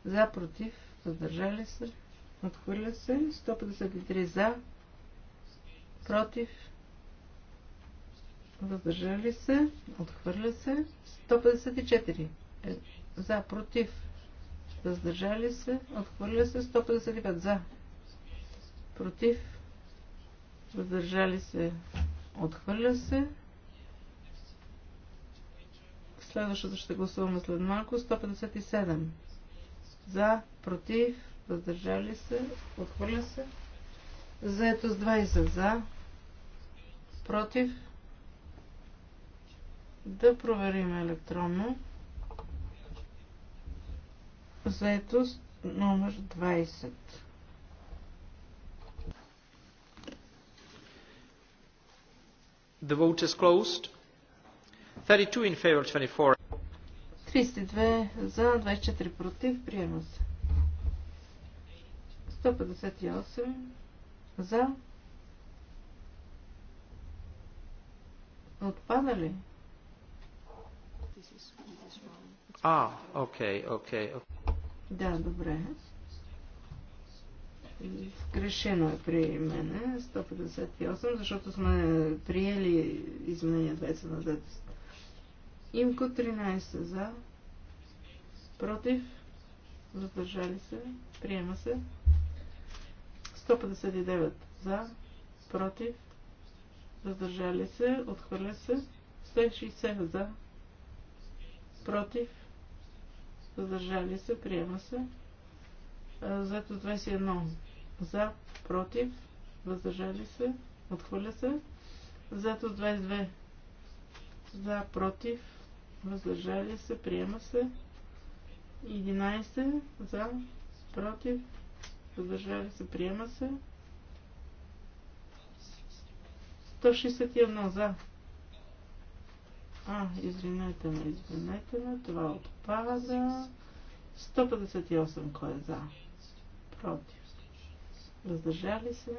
за, против, въздържали се, отхвърля се, 153 за, против, въздържали се, отхвърля се, 154 е, за, против, въздържали се, отхвърля се, 155 за, против, въздържали се, отхвърля се, Следващото ще гласуваме след малко. 157 за, против, въздържали се, отхвърля се. Заето с 20 за, против. Да проверим електронно. Заетост номер 20. The vote is closed. 32 in favor, 24. 32 за, 24 против, приема се. 158 за. Отпада ли? А, окей, окей. Да, добре. Грешено е при мене 158, защото сме приели изменения 20 на 10. Имко 13 за против, въздържали се, приема се. 159 за, против, въздържали се, отхвърля се. 160 за, против, въздържали се, приема се. Зато 21 за, против, въздържали се, отхвърля се. Зато 22 за, против, въздържали се, приема се. 11 за, против, въздържали се, приема се. 161 за. А, извинете ме, извинете ме, това отпада. 158 кой е за? Против. Въздържали се.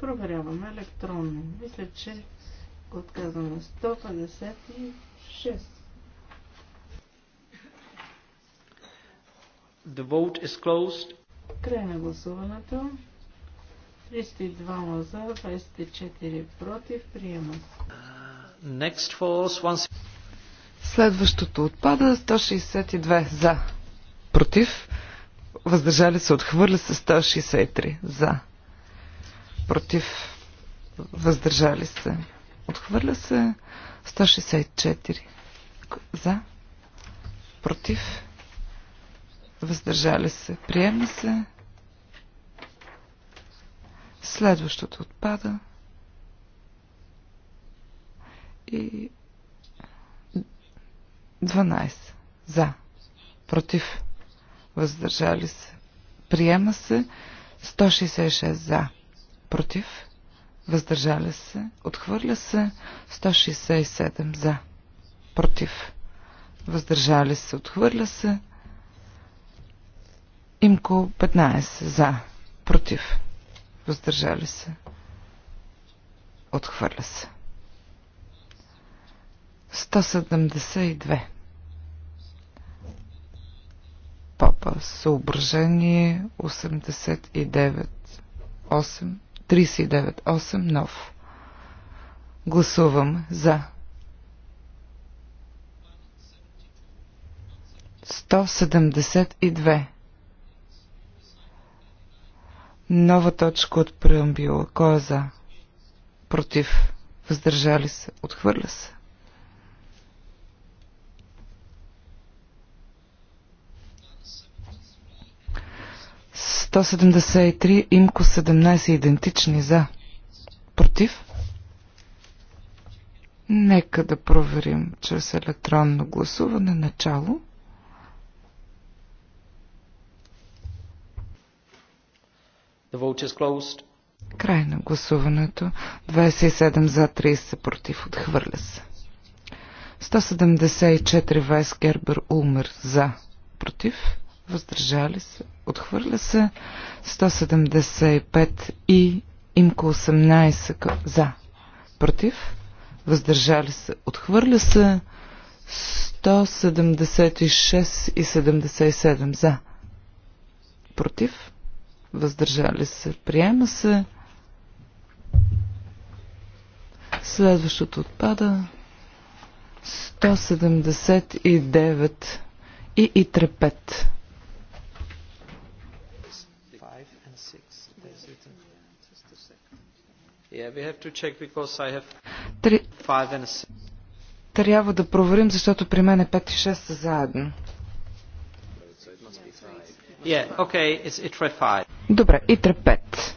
Проверяваме електронно. Мисля, че го отказваме 156. The vote is closed. Край на гласуването. 32 за, 24 против. Приема се. Next falls, once... Следващото отпада 162 за, против. Въздържали се отхвърля се. 163 за, против. Въздържали се. Отхвърля се 164 за, против въздържали се, приема се. Следващото отпада. И 12. За. Против. Въздържали се. Приема се. 166 за. Против. Въздържали се. Отхвърля се. 167 за. Против. Въздържали се. Отхвърля се. Имко 15 за, против, въздържали се, отхвърля се. 172 Папа, съображение 89 8 39 8 нов Гласувам за 172 Нова точка от преамбюла. Кой е за? Против. Въздържали се. Отхвърля се. Сто имко 17 идентични за. Против? Нека да проверим чрез електронно гласуване начало. The vote is closed. Край на гласуването. 27 за 30 против. Отхвърля се. 174 Вайс Гербер Улмер за против. Въздържали се. Отхвърля се. 175 и Имко 18 за против. Въздържали се. Отхвърля се. 176 и 77 за против въздържали се, приема се. Следващото отпада. 179 и и трепет. Трябва да проверим, защото при мен е 5 и 6 са заедно. Yeah, okay, it's, it's Добре, и трепет.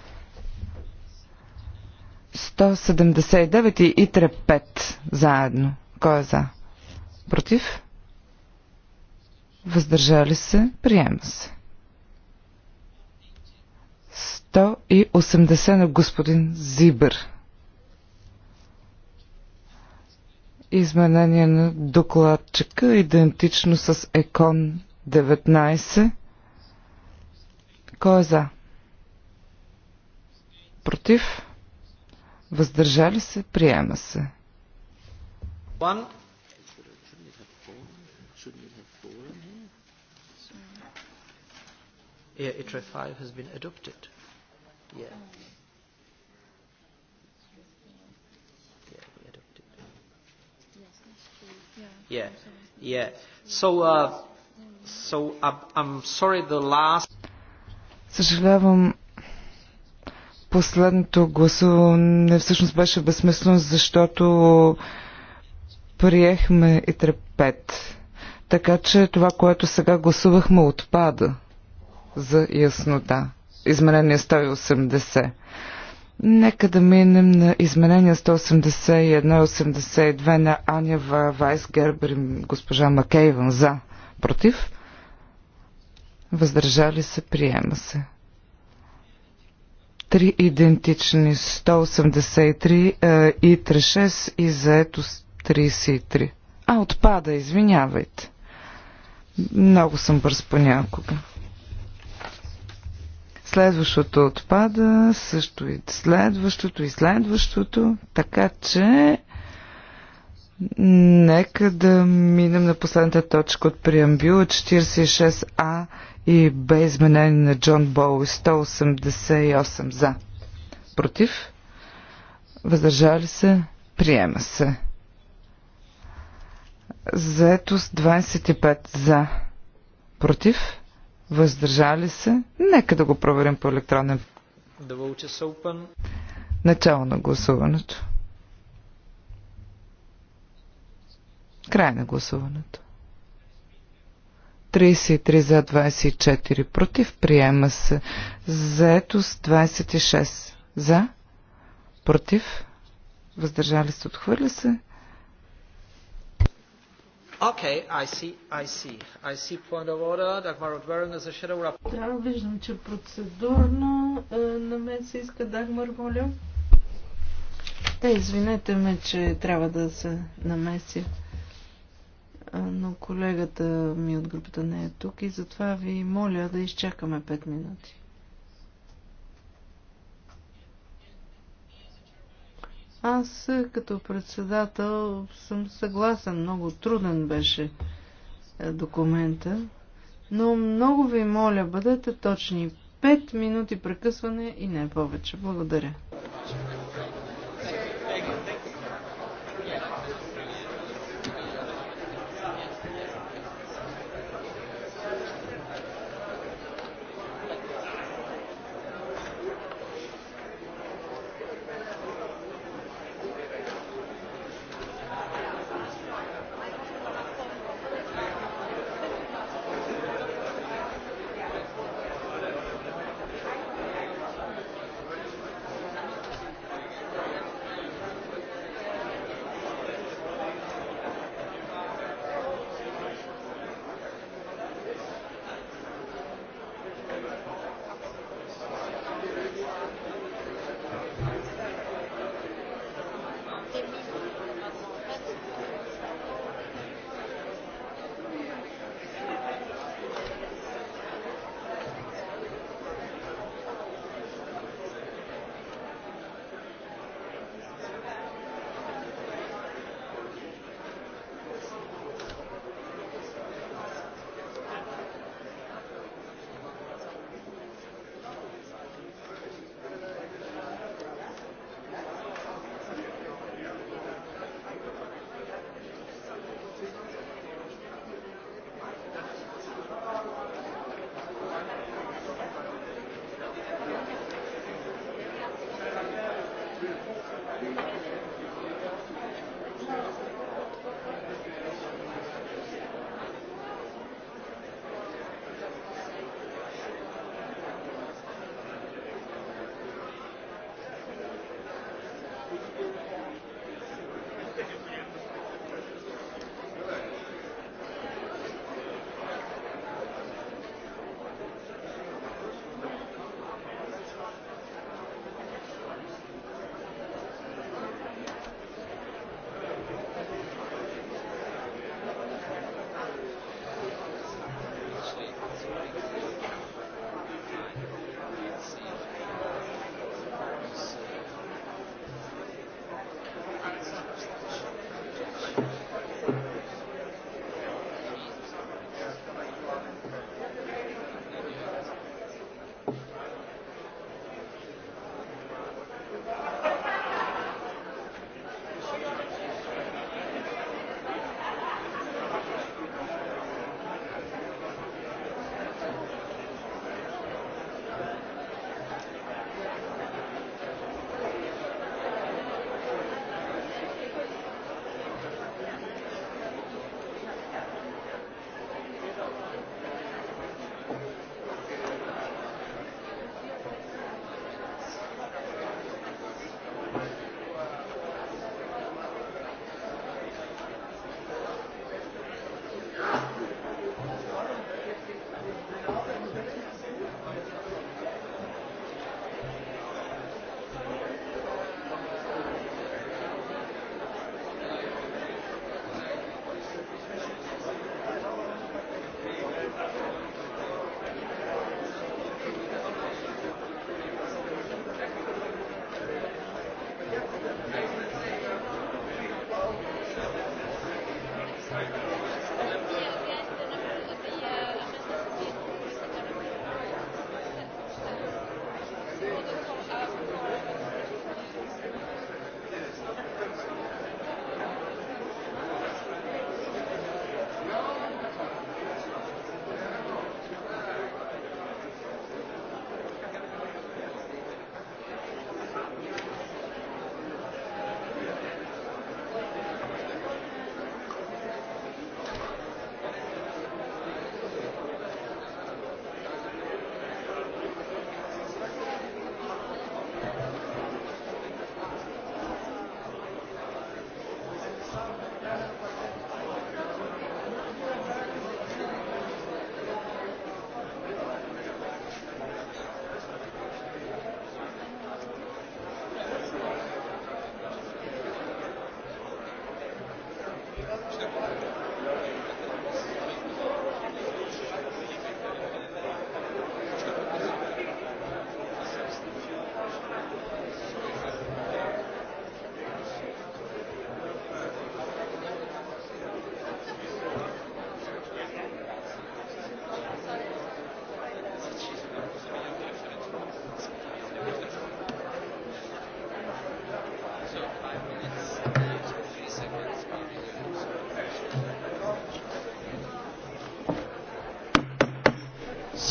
179 и трепет заедно. Кой е за? Против? Въздържали се? Приема се. 180 на господин Зибър. Изменение на докладчика идентично с Екон 19. Кой е за? против, въздържали се, приема се. One. Yeah, ITRE 5 has been adopted. Yeah. Yeah, yeah. So, uh, so I'm, I'm sorry the last. Съжалявам, последното гласуване всъщност беше безсмислено, защото приехме и трепет. Така че това, което сега гласувахме, отпада за яснота. Изменение 180. Нека да минем на изменения 181 82 на Аня Вайс Гербер и госпожа Макейван за. Против? Въздържали се, приема се три идентични 183 и 36 е, и заето 33. А, отпада, извинявайте. Много съм бърз понякога. Следващото отпада, също и следващото и следващото, така че нека да минем на последната точка от преамбюла 46А и бе изменен на Джон Боуи 188 за. Против? Въздържали се? Приема се. Заетост 25 за. Против? Въздържали се? Нека да го проверим по електронен. Начало на гласуването. Край на гласуването. 33 за 24 против. Приема се. Заетост 26 за. Против. Въздържали се. Отхвърля се. Okay, I see, I see. I see point of order. Dagmar Odvering is a shadow rapporteur. Да, виждам, че процедурно е, на мен се иска Дагмар, моля. Да, е, извинете ме, че трябва да се намеся но колегата ми от групата не е тук и затова ви моля да изчакаме 5 минути. Аз като председател съм съгласен, много труден беше е, документа, но много ви моля, бъдете точни. 5 минути прекъсване и не повече. Благодаря.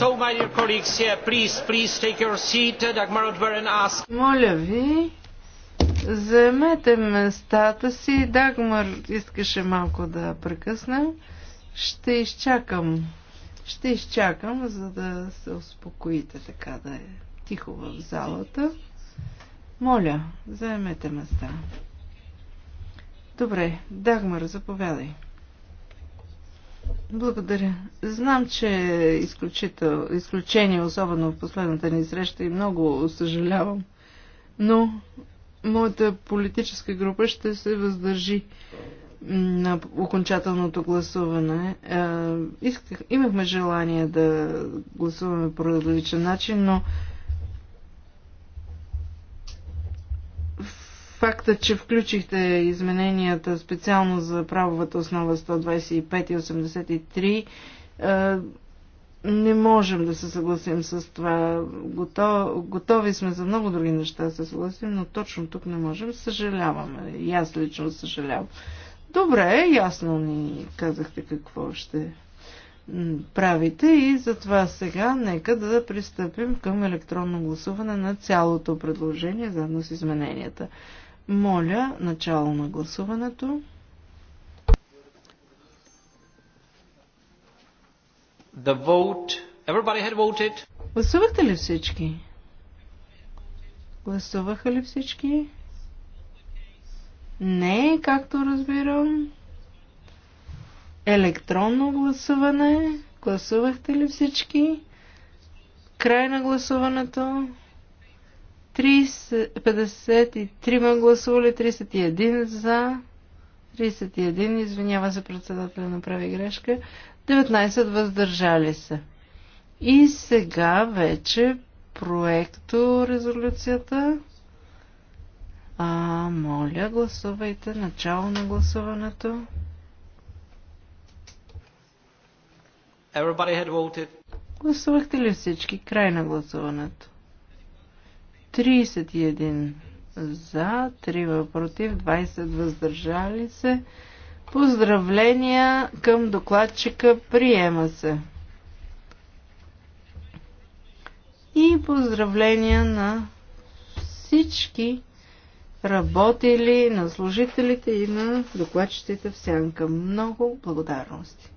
Uh, Моля ви, заемете местата си. Дагмар искаше малко да прекъсна. Ще изчакам. Ще изчакам, за да се успокоите така да е тихо в залата. Моля, заемете места. Добре, Дагмар, заповядай. Благодаря. Знам, че е изключение, особено в последната ни среща и много съжалявам, но моята политическа група ще се въздържи на окончателното гласуване. Е, исках, имахме желание да гласуваме по различен начин, но факта, че включихте измененията специално за правовата основа 125 и 83. Не можем да се съгласим с това. готови сме за много други неща да се съгласим, но точно тук не можем. Съжаляваме. И аз лично съжалявам. Добре, ясно ни казахте какво ще правите и затова сега нека да пристъпим към електронно гласуване на цялото предложение заедно с измененията. Моля, начало на гласуването. The vote. Everybody had voted. Гласувахте ли всички? Гласуваха ли всички? Не, както разбирам. Електронно гласуване. Гласувахте ли всички? Край на гласуването. 53 гласували, 31 за, 31, извинява се председателя, направи грешка, 19 въздържали се. И сега вече проекто резолюцията. А, моля, гласувайте начало на гласуването. Everybody had voted. Гласувахте ли всички? Край на гласуването. 31 за, 3 против, 20 въздържали се. Поздравления към докладчика. Приема се. И поздравления на всички работили, на служителите и на докладчиците в сянка. Много благодарности.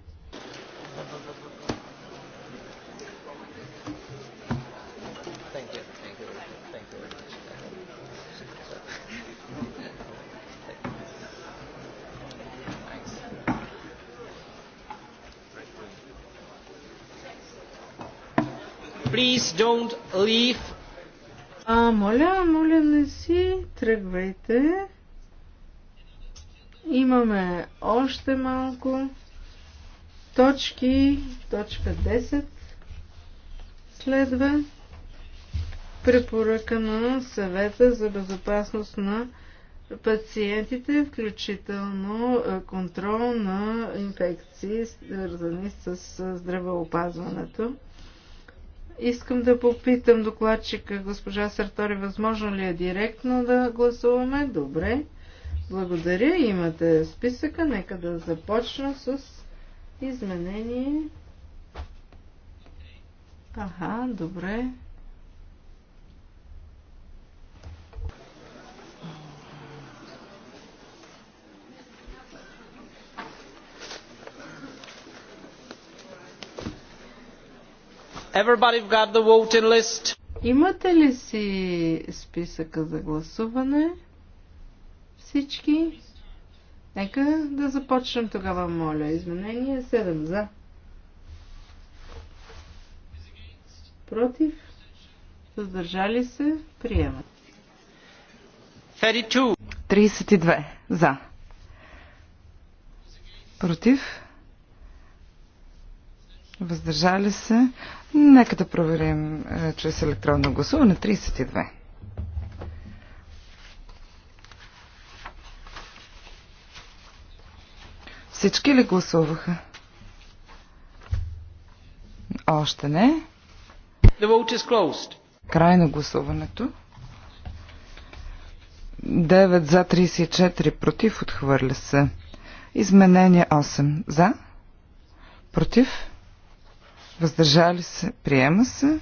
Please don't leave. А, моля, моля, не си тръгвайте. Имаме още малко точки. Точка 10 следва препоръка на съвета за безопасност на пациентите, включително контрол на инфекции, свързани с здравеопазването. Искам да попитам докладчика госпожа Сартори, възможно ли е директно да гласуваме? Добре. Благодаря. Имате списъка. Нека да започна с изменение. Ага, добре. Everybody got the voting list? Имате ли си списъка за гласуване? Всички? Нека да започнем тогава, моля. Изменение 7 за. Против? Въздържали се? Приемат. 32. 32 за. Против? Въздържали се. Нека да проверим е, чрез електронно гласуване. 32. Всички ли гласуваха? Още не. The vote is closed. Край на гласуването. 9 за 34 против отхвърля се. Изменение 8 за. Против. Въздържали се. Приема се.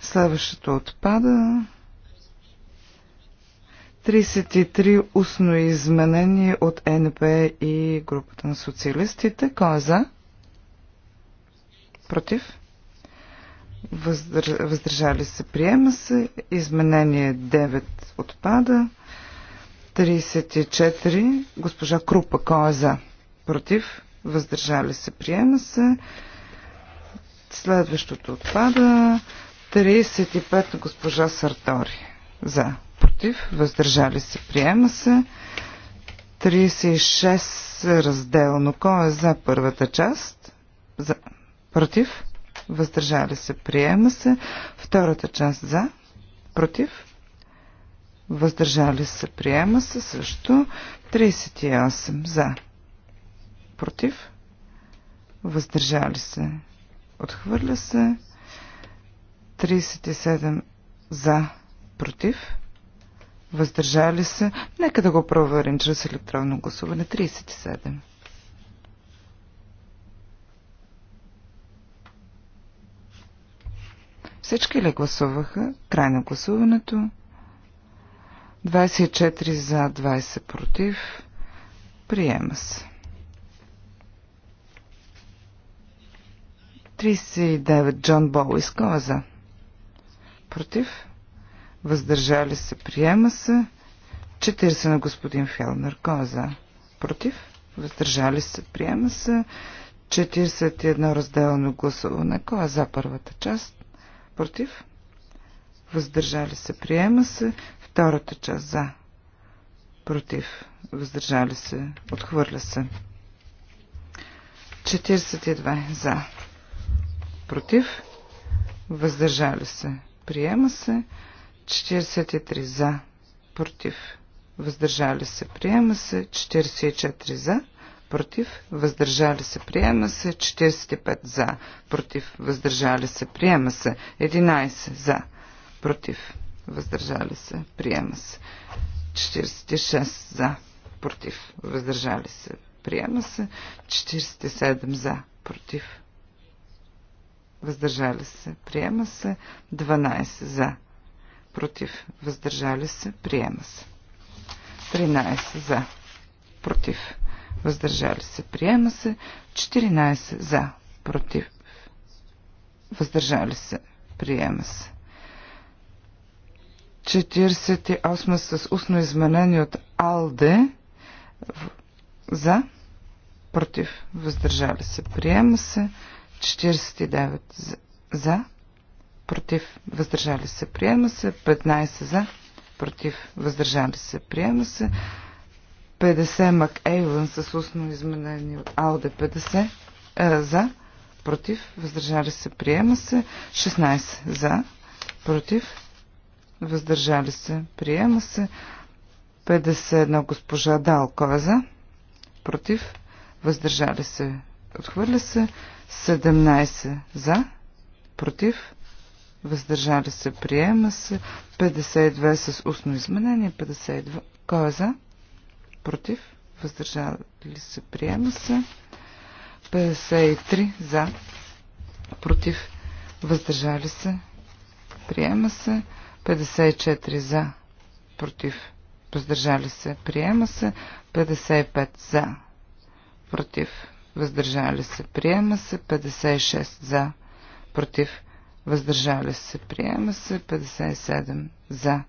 Следващото отпада. 33 устно изменение от НП и групата на социалистите. Кой е за? Против? Въздържали се. Приема се. Изменение 9 отпада. 34. Госпожа Крупа. Кой е за? Против? въздържали се, приема се. Следващото отпада. 35 госпожа Сартори. За, против, въздържали се, приема се. 36 разделно. Кой е за първата част? За, против, въздържали се, приема се. Втората част за, против, въздържали се, приема се също. 38 за, против, въздържали се, отхвърля се, 37 за, против, въздържали се. Нека да го проверим чрез електронно гласуване. 37. Всички ли гласуваха? Край на гласуването. 24 за, 20 против. Приема се. 39 Джон Боу, Кой е за? Против? Въздържали се. Приема се. 40 на господин Фелнер. Кой е за? Против? Въздържали се. Приема се. 41 разделно гласуване. Кой е за първата част? Против? Въздържали се. Приема се. Втората част за. Против. Въздържали се. Отхвърля се. 42 за против, въздържали се, приема се. 43 за, против, въздържали се, приема се. 44 за, против, въздържали се, приема се. 45 за, против, въздържали се, приема се. 11 за, против, въздържали се, приема се. 46 за, против, въздържали се, приема се. 47 за, против, въздържали се, приема се. 12 за, против, въздържали се, приема се. 13 за, против, въздържали се, приема се. 14 за, против, въздържали се, приема се. 48 с устно изменение от Алде за, против, въздържали се, приема се. 49 за, против, въздържали се, приема се, 15 за, против, въздържали се, приема се, 50 Мак Ейлън с устно изменение от АЛДЕ 50 е, за, против, въздържали се, приема се, 16 за, против, въздържали се, приема се, 51 госпожа Дал, за, против, въздържали се, отхвърля се, 17 за, против, въздържали се, приема се. 52 с устно изменение, 52. Кой е за? Против, въздържали се, приема се. 53 за, против, въздържали се, приема се. 54 за, против, въздържали се, приема се. 55 за, против, въздържали се, приема се, 56 за, против, въздържали се, приема се, 57 за.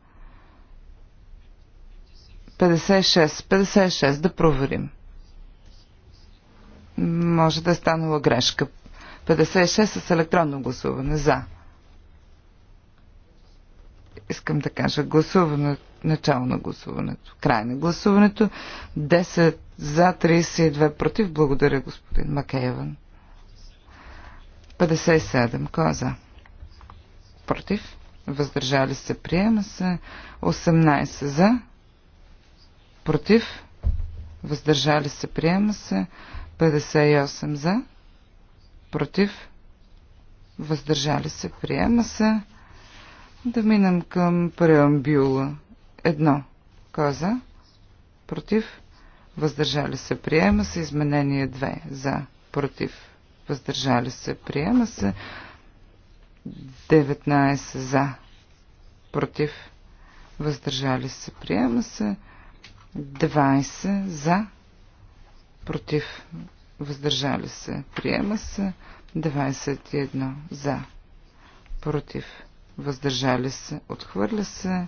56, 56, да проверим. Може да е станала грешка. 56 с електронно гласуване за. Искам да кажа, гласуването Начало на гласуването. Край на гласуването. 10 за, 32 против. Благодаря, господин Макеевън. 57. Кой е за? Против. Въздържали се. Приема се. 18 за. Против. Въздържали се. Приема се. 58 за. Против. Въздържали се. Приема се. Да минем към преамбюла. Едно Кой е за? Против? Въздържали се. Приема се. Изменение 2. За. Против? Въздържали се. Приема се. 19. За. Против? Въздържали се. Приема се. 20. За. Против? Въздържали се. Приема се. 21. За. Против? Въздържали се. Отхвърля се.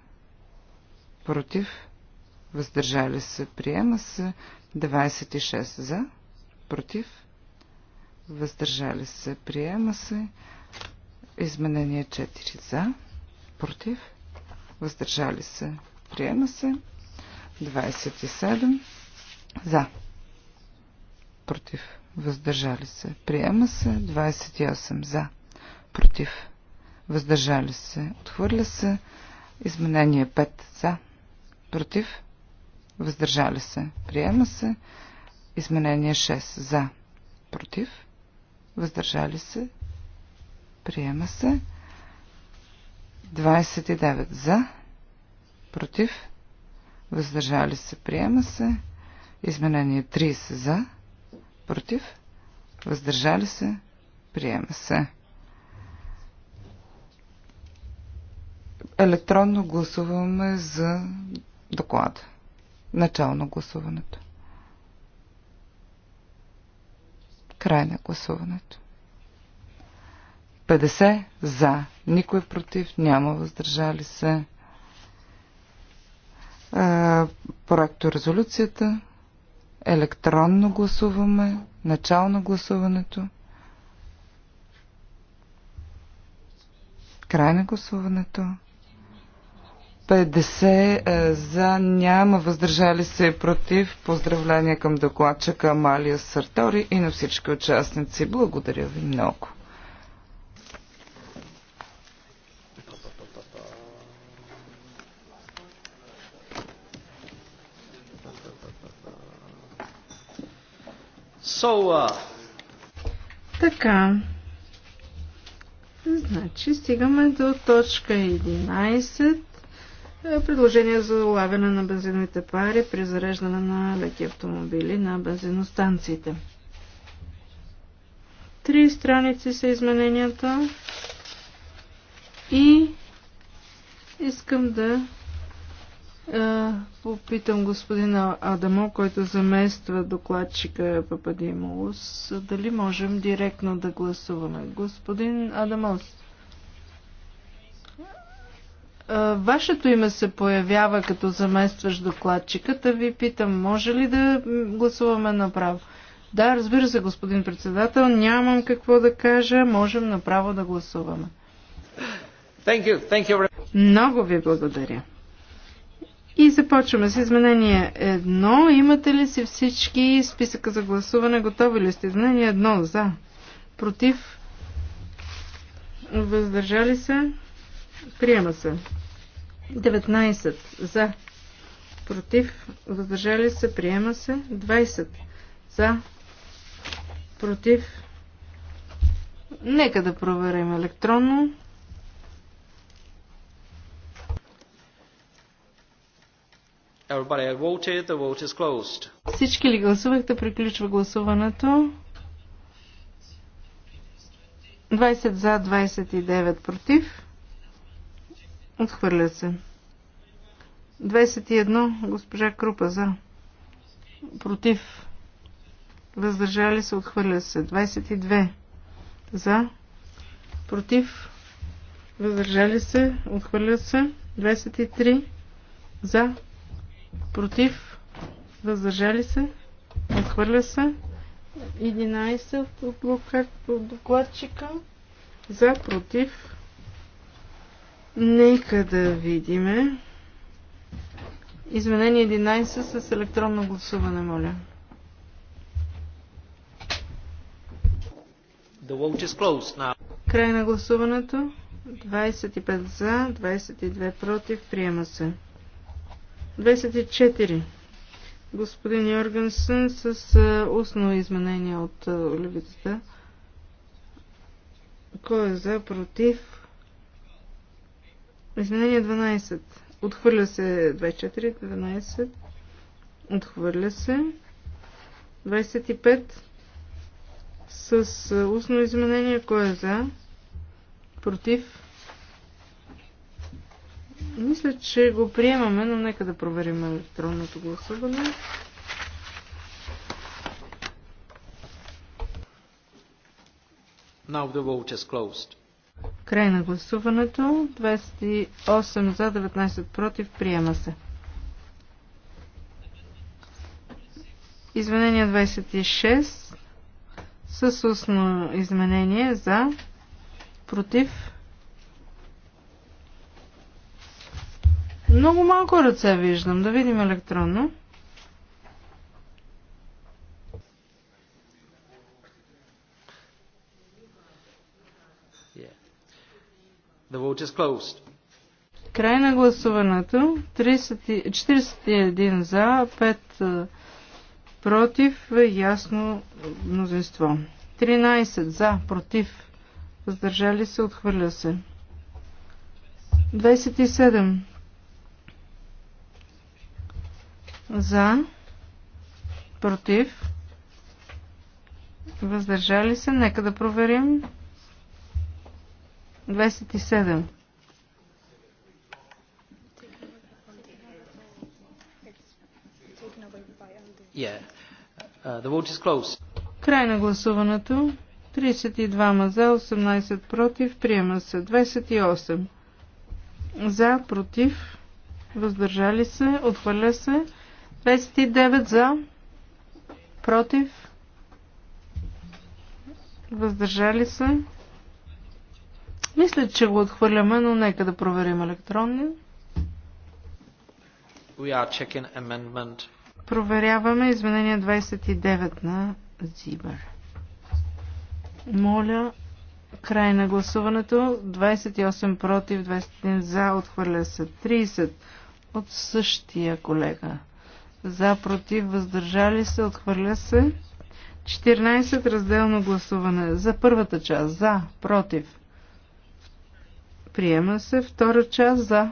против, въздържали се, приема се 26 за, против, въздържали се, приема се изменение 4 за, против, въздържали се, приема се 27 за, против, въздържали се, приема се 28 за, против, въздържали се, отхвърля се, изменение 5 за, Против. Въздържали се. Приема се. Изменение 6. За. Против. Въздържали се. Приема се. 29. За. Против. Въздържали се. Приема се. Изменение 30. За. Против. Въздържали се. Приема се. електронно гласуваме за доклада. Начало на гласуването. Край на гласуването. 50 за, никой е против, няма въздържали се. Проекто резолюцията. Електронно гласуваме. Начало на гласуването. Край на гласуването. 50 е, за няма въздържали се против. Поздравления към докладчика Амалия Сартори и на всички участници. Благодаря ви много. So, uh... Така. Значи стигаме до точка 11 е, предложение за улавяне на бензиновите пари при зареждане на леки автомобили на бензиностанциите. Три страници са измененията и искам да е, попитам господина Адамо, който замества докладчика Пападимолос, дали можем директно да гласуваме. Господин Адамос вашето име се появява като заместващ докладчиката, ви питам, може ли да гласуваме направо? Да, разбира се, господин председател, нямам какво да кажа, можем направо да гласуваме. Thank you. Thank you. Много ви благодаря. И започваме с изменение едно. Имате ли си всички списъка за гласуване? Готови ли сте? Изменение едно за. Против. Въздържали се. Приема се. 19 за. Против. Въздържали се. Приема се. 20 за. Против. Нека да проверим електронно. Everybody voted. The vote is closed. Всички ли гласувахте? Приключва гласуването. 20 за, 29 против. Отхвърля се. 21. Госпожа Крупа за. Против. Въздържали се. Отхвърля се. 22. За. Против. Въздържали се. Отхвърля се. 23. За. Против. Въздържали се. Отхвърля се. 11 от докладчика. За. Против Нека да видиме. Изменение 11 с електронно гласуване, моля. The vote is closed now. Край на гласуването. 25 за, 22 против. Приема се. 24. Господин Йоргенсен с устно изменение от левицата. Кой е за, против? Изменение 12. Отхвърля се 24, 12. Отхвърля се. 25. С устно изменение. Кой е за? Против? Мисля, че го приемаме, но нека да проверим електронното гласуване. Now the vote is closed. Край на гласуването. 28 за, 19 против. Приема се. Изменение 26 с устно изменение за, против. Много малко ръце виждам. Да видим електронно. The vote is closed. Край на гласуването. 30, 41 за, 5 е, против, е, ясно е, мнозинство. 13 за, против, въздържали се, отхвърля се. 27 за, против, въздържали се. Нека да проверим. 27. Uh, Край на гласуването. 32 за, 18 против. Приема се. 28. За, против. Въздържали се. Отхвърля се. 29 за. Против. Въздържали се. Мисля, че го отхвърляме, но нека да проверим електронно. Проверяваме изменение 29 на Зибър. Моля, край на гласуването. 28 против, 21 за, отхвърля се 30 от същия колега. За, против, въздържали се, отхвърля се. 14 разделно гласуване. За първата част. За, против, Приема се втора част за.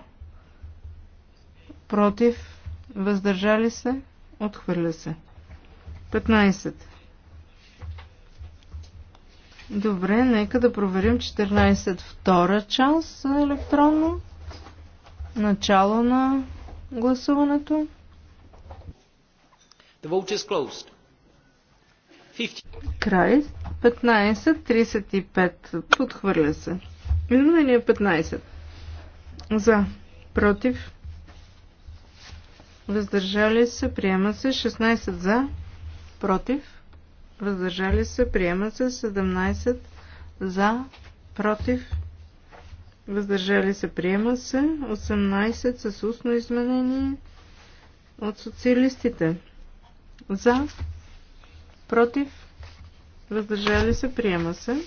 Против. Въздържали се. Отхвърля се. 15. Добре, нека да проверим 14 втора част електронно. Начало на гласуването. The vote is closed. 50. Край. 15.35. Подхвърля се. Изменение 15. За. Против. Въздържали се. Приема се. 16 за. Против. Въздържали се. Приема се. 17 за. Против. Въздържали се. Приема се. 18 с устно изменение от социалистите. За. Против. Въздържали се. Приема се.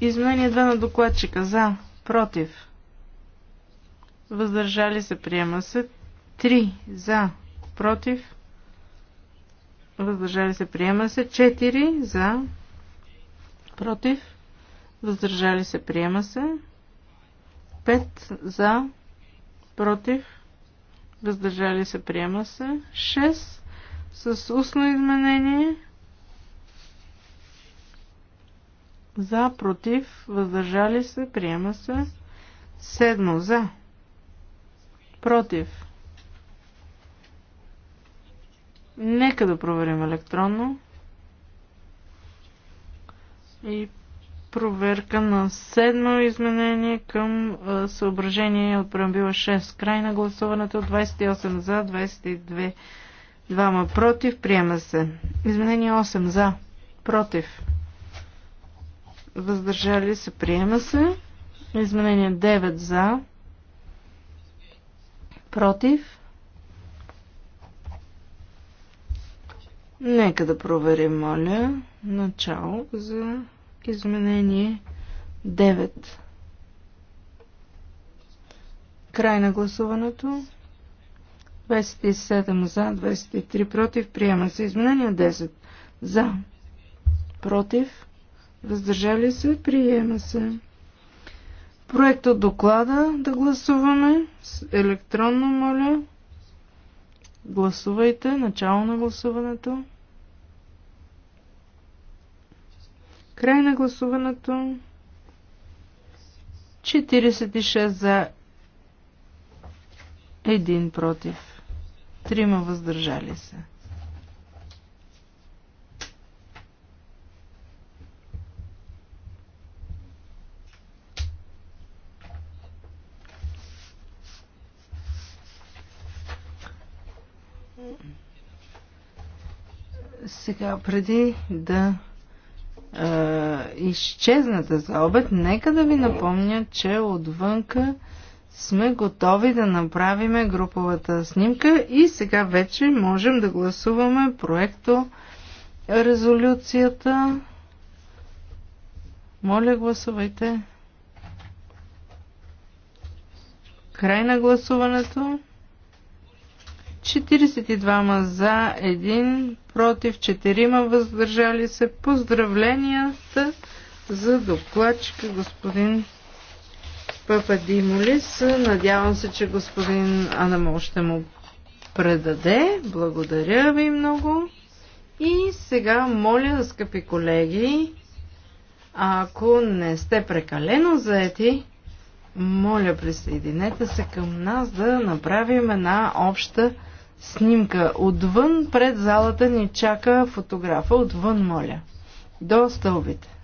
Изменение 2 на докладчика. За. Против. Въздържали се. Приема се. 3. За. Против. Въздържали се. Приема се. 4. За. Против. Въздържали се. Приема се. 5. За. Против. Въздържали се. Приема се. 6. С устно изменение. За, против, въздържали се, приема се. Седмо, за. Против. Нека да проверим електронно. И проверка на седмо изменение към съображение от преамбила 6. Край на гласуването 28 за, 22 двама против. Приема се. Изменение 8 за, против въздържали се, приема се. Изменение 9 за, против. Нека да проверим, моля, начало за изменение 9. Край на гласуването. 27 за, 23 против. Приема се изменение 10 за, против. Въздържали се? Приема се. Проекта от доклада да гласуваме. Електронно, моля. Гласувайте. Начало на гласуването. Край на гласуването. 46 за 1 против. Трима въздържали се. Сега, преди да е, изчезнете за обед, нека да ви напомня, че отвънка сме готови да направиме груповата снимка и сега вече можем да гласуваме проекто резолюцията. Моля, гласувайте. Край на гласуването. 42 за, 1 против, 4 въздържали се. Поздравленията за докладчика господин Пападимолис. Надявам се, че господин Анамол ще му предаде. Благодаря ви много. И сега моля, скъпи колеги, ако не сте прекалено заети, моля присъединете се към нас да направим една обща снимка. Отвън пред залата ни чака фотографа. Отвън, моля. До стълбите.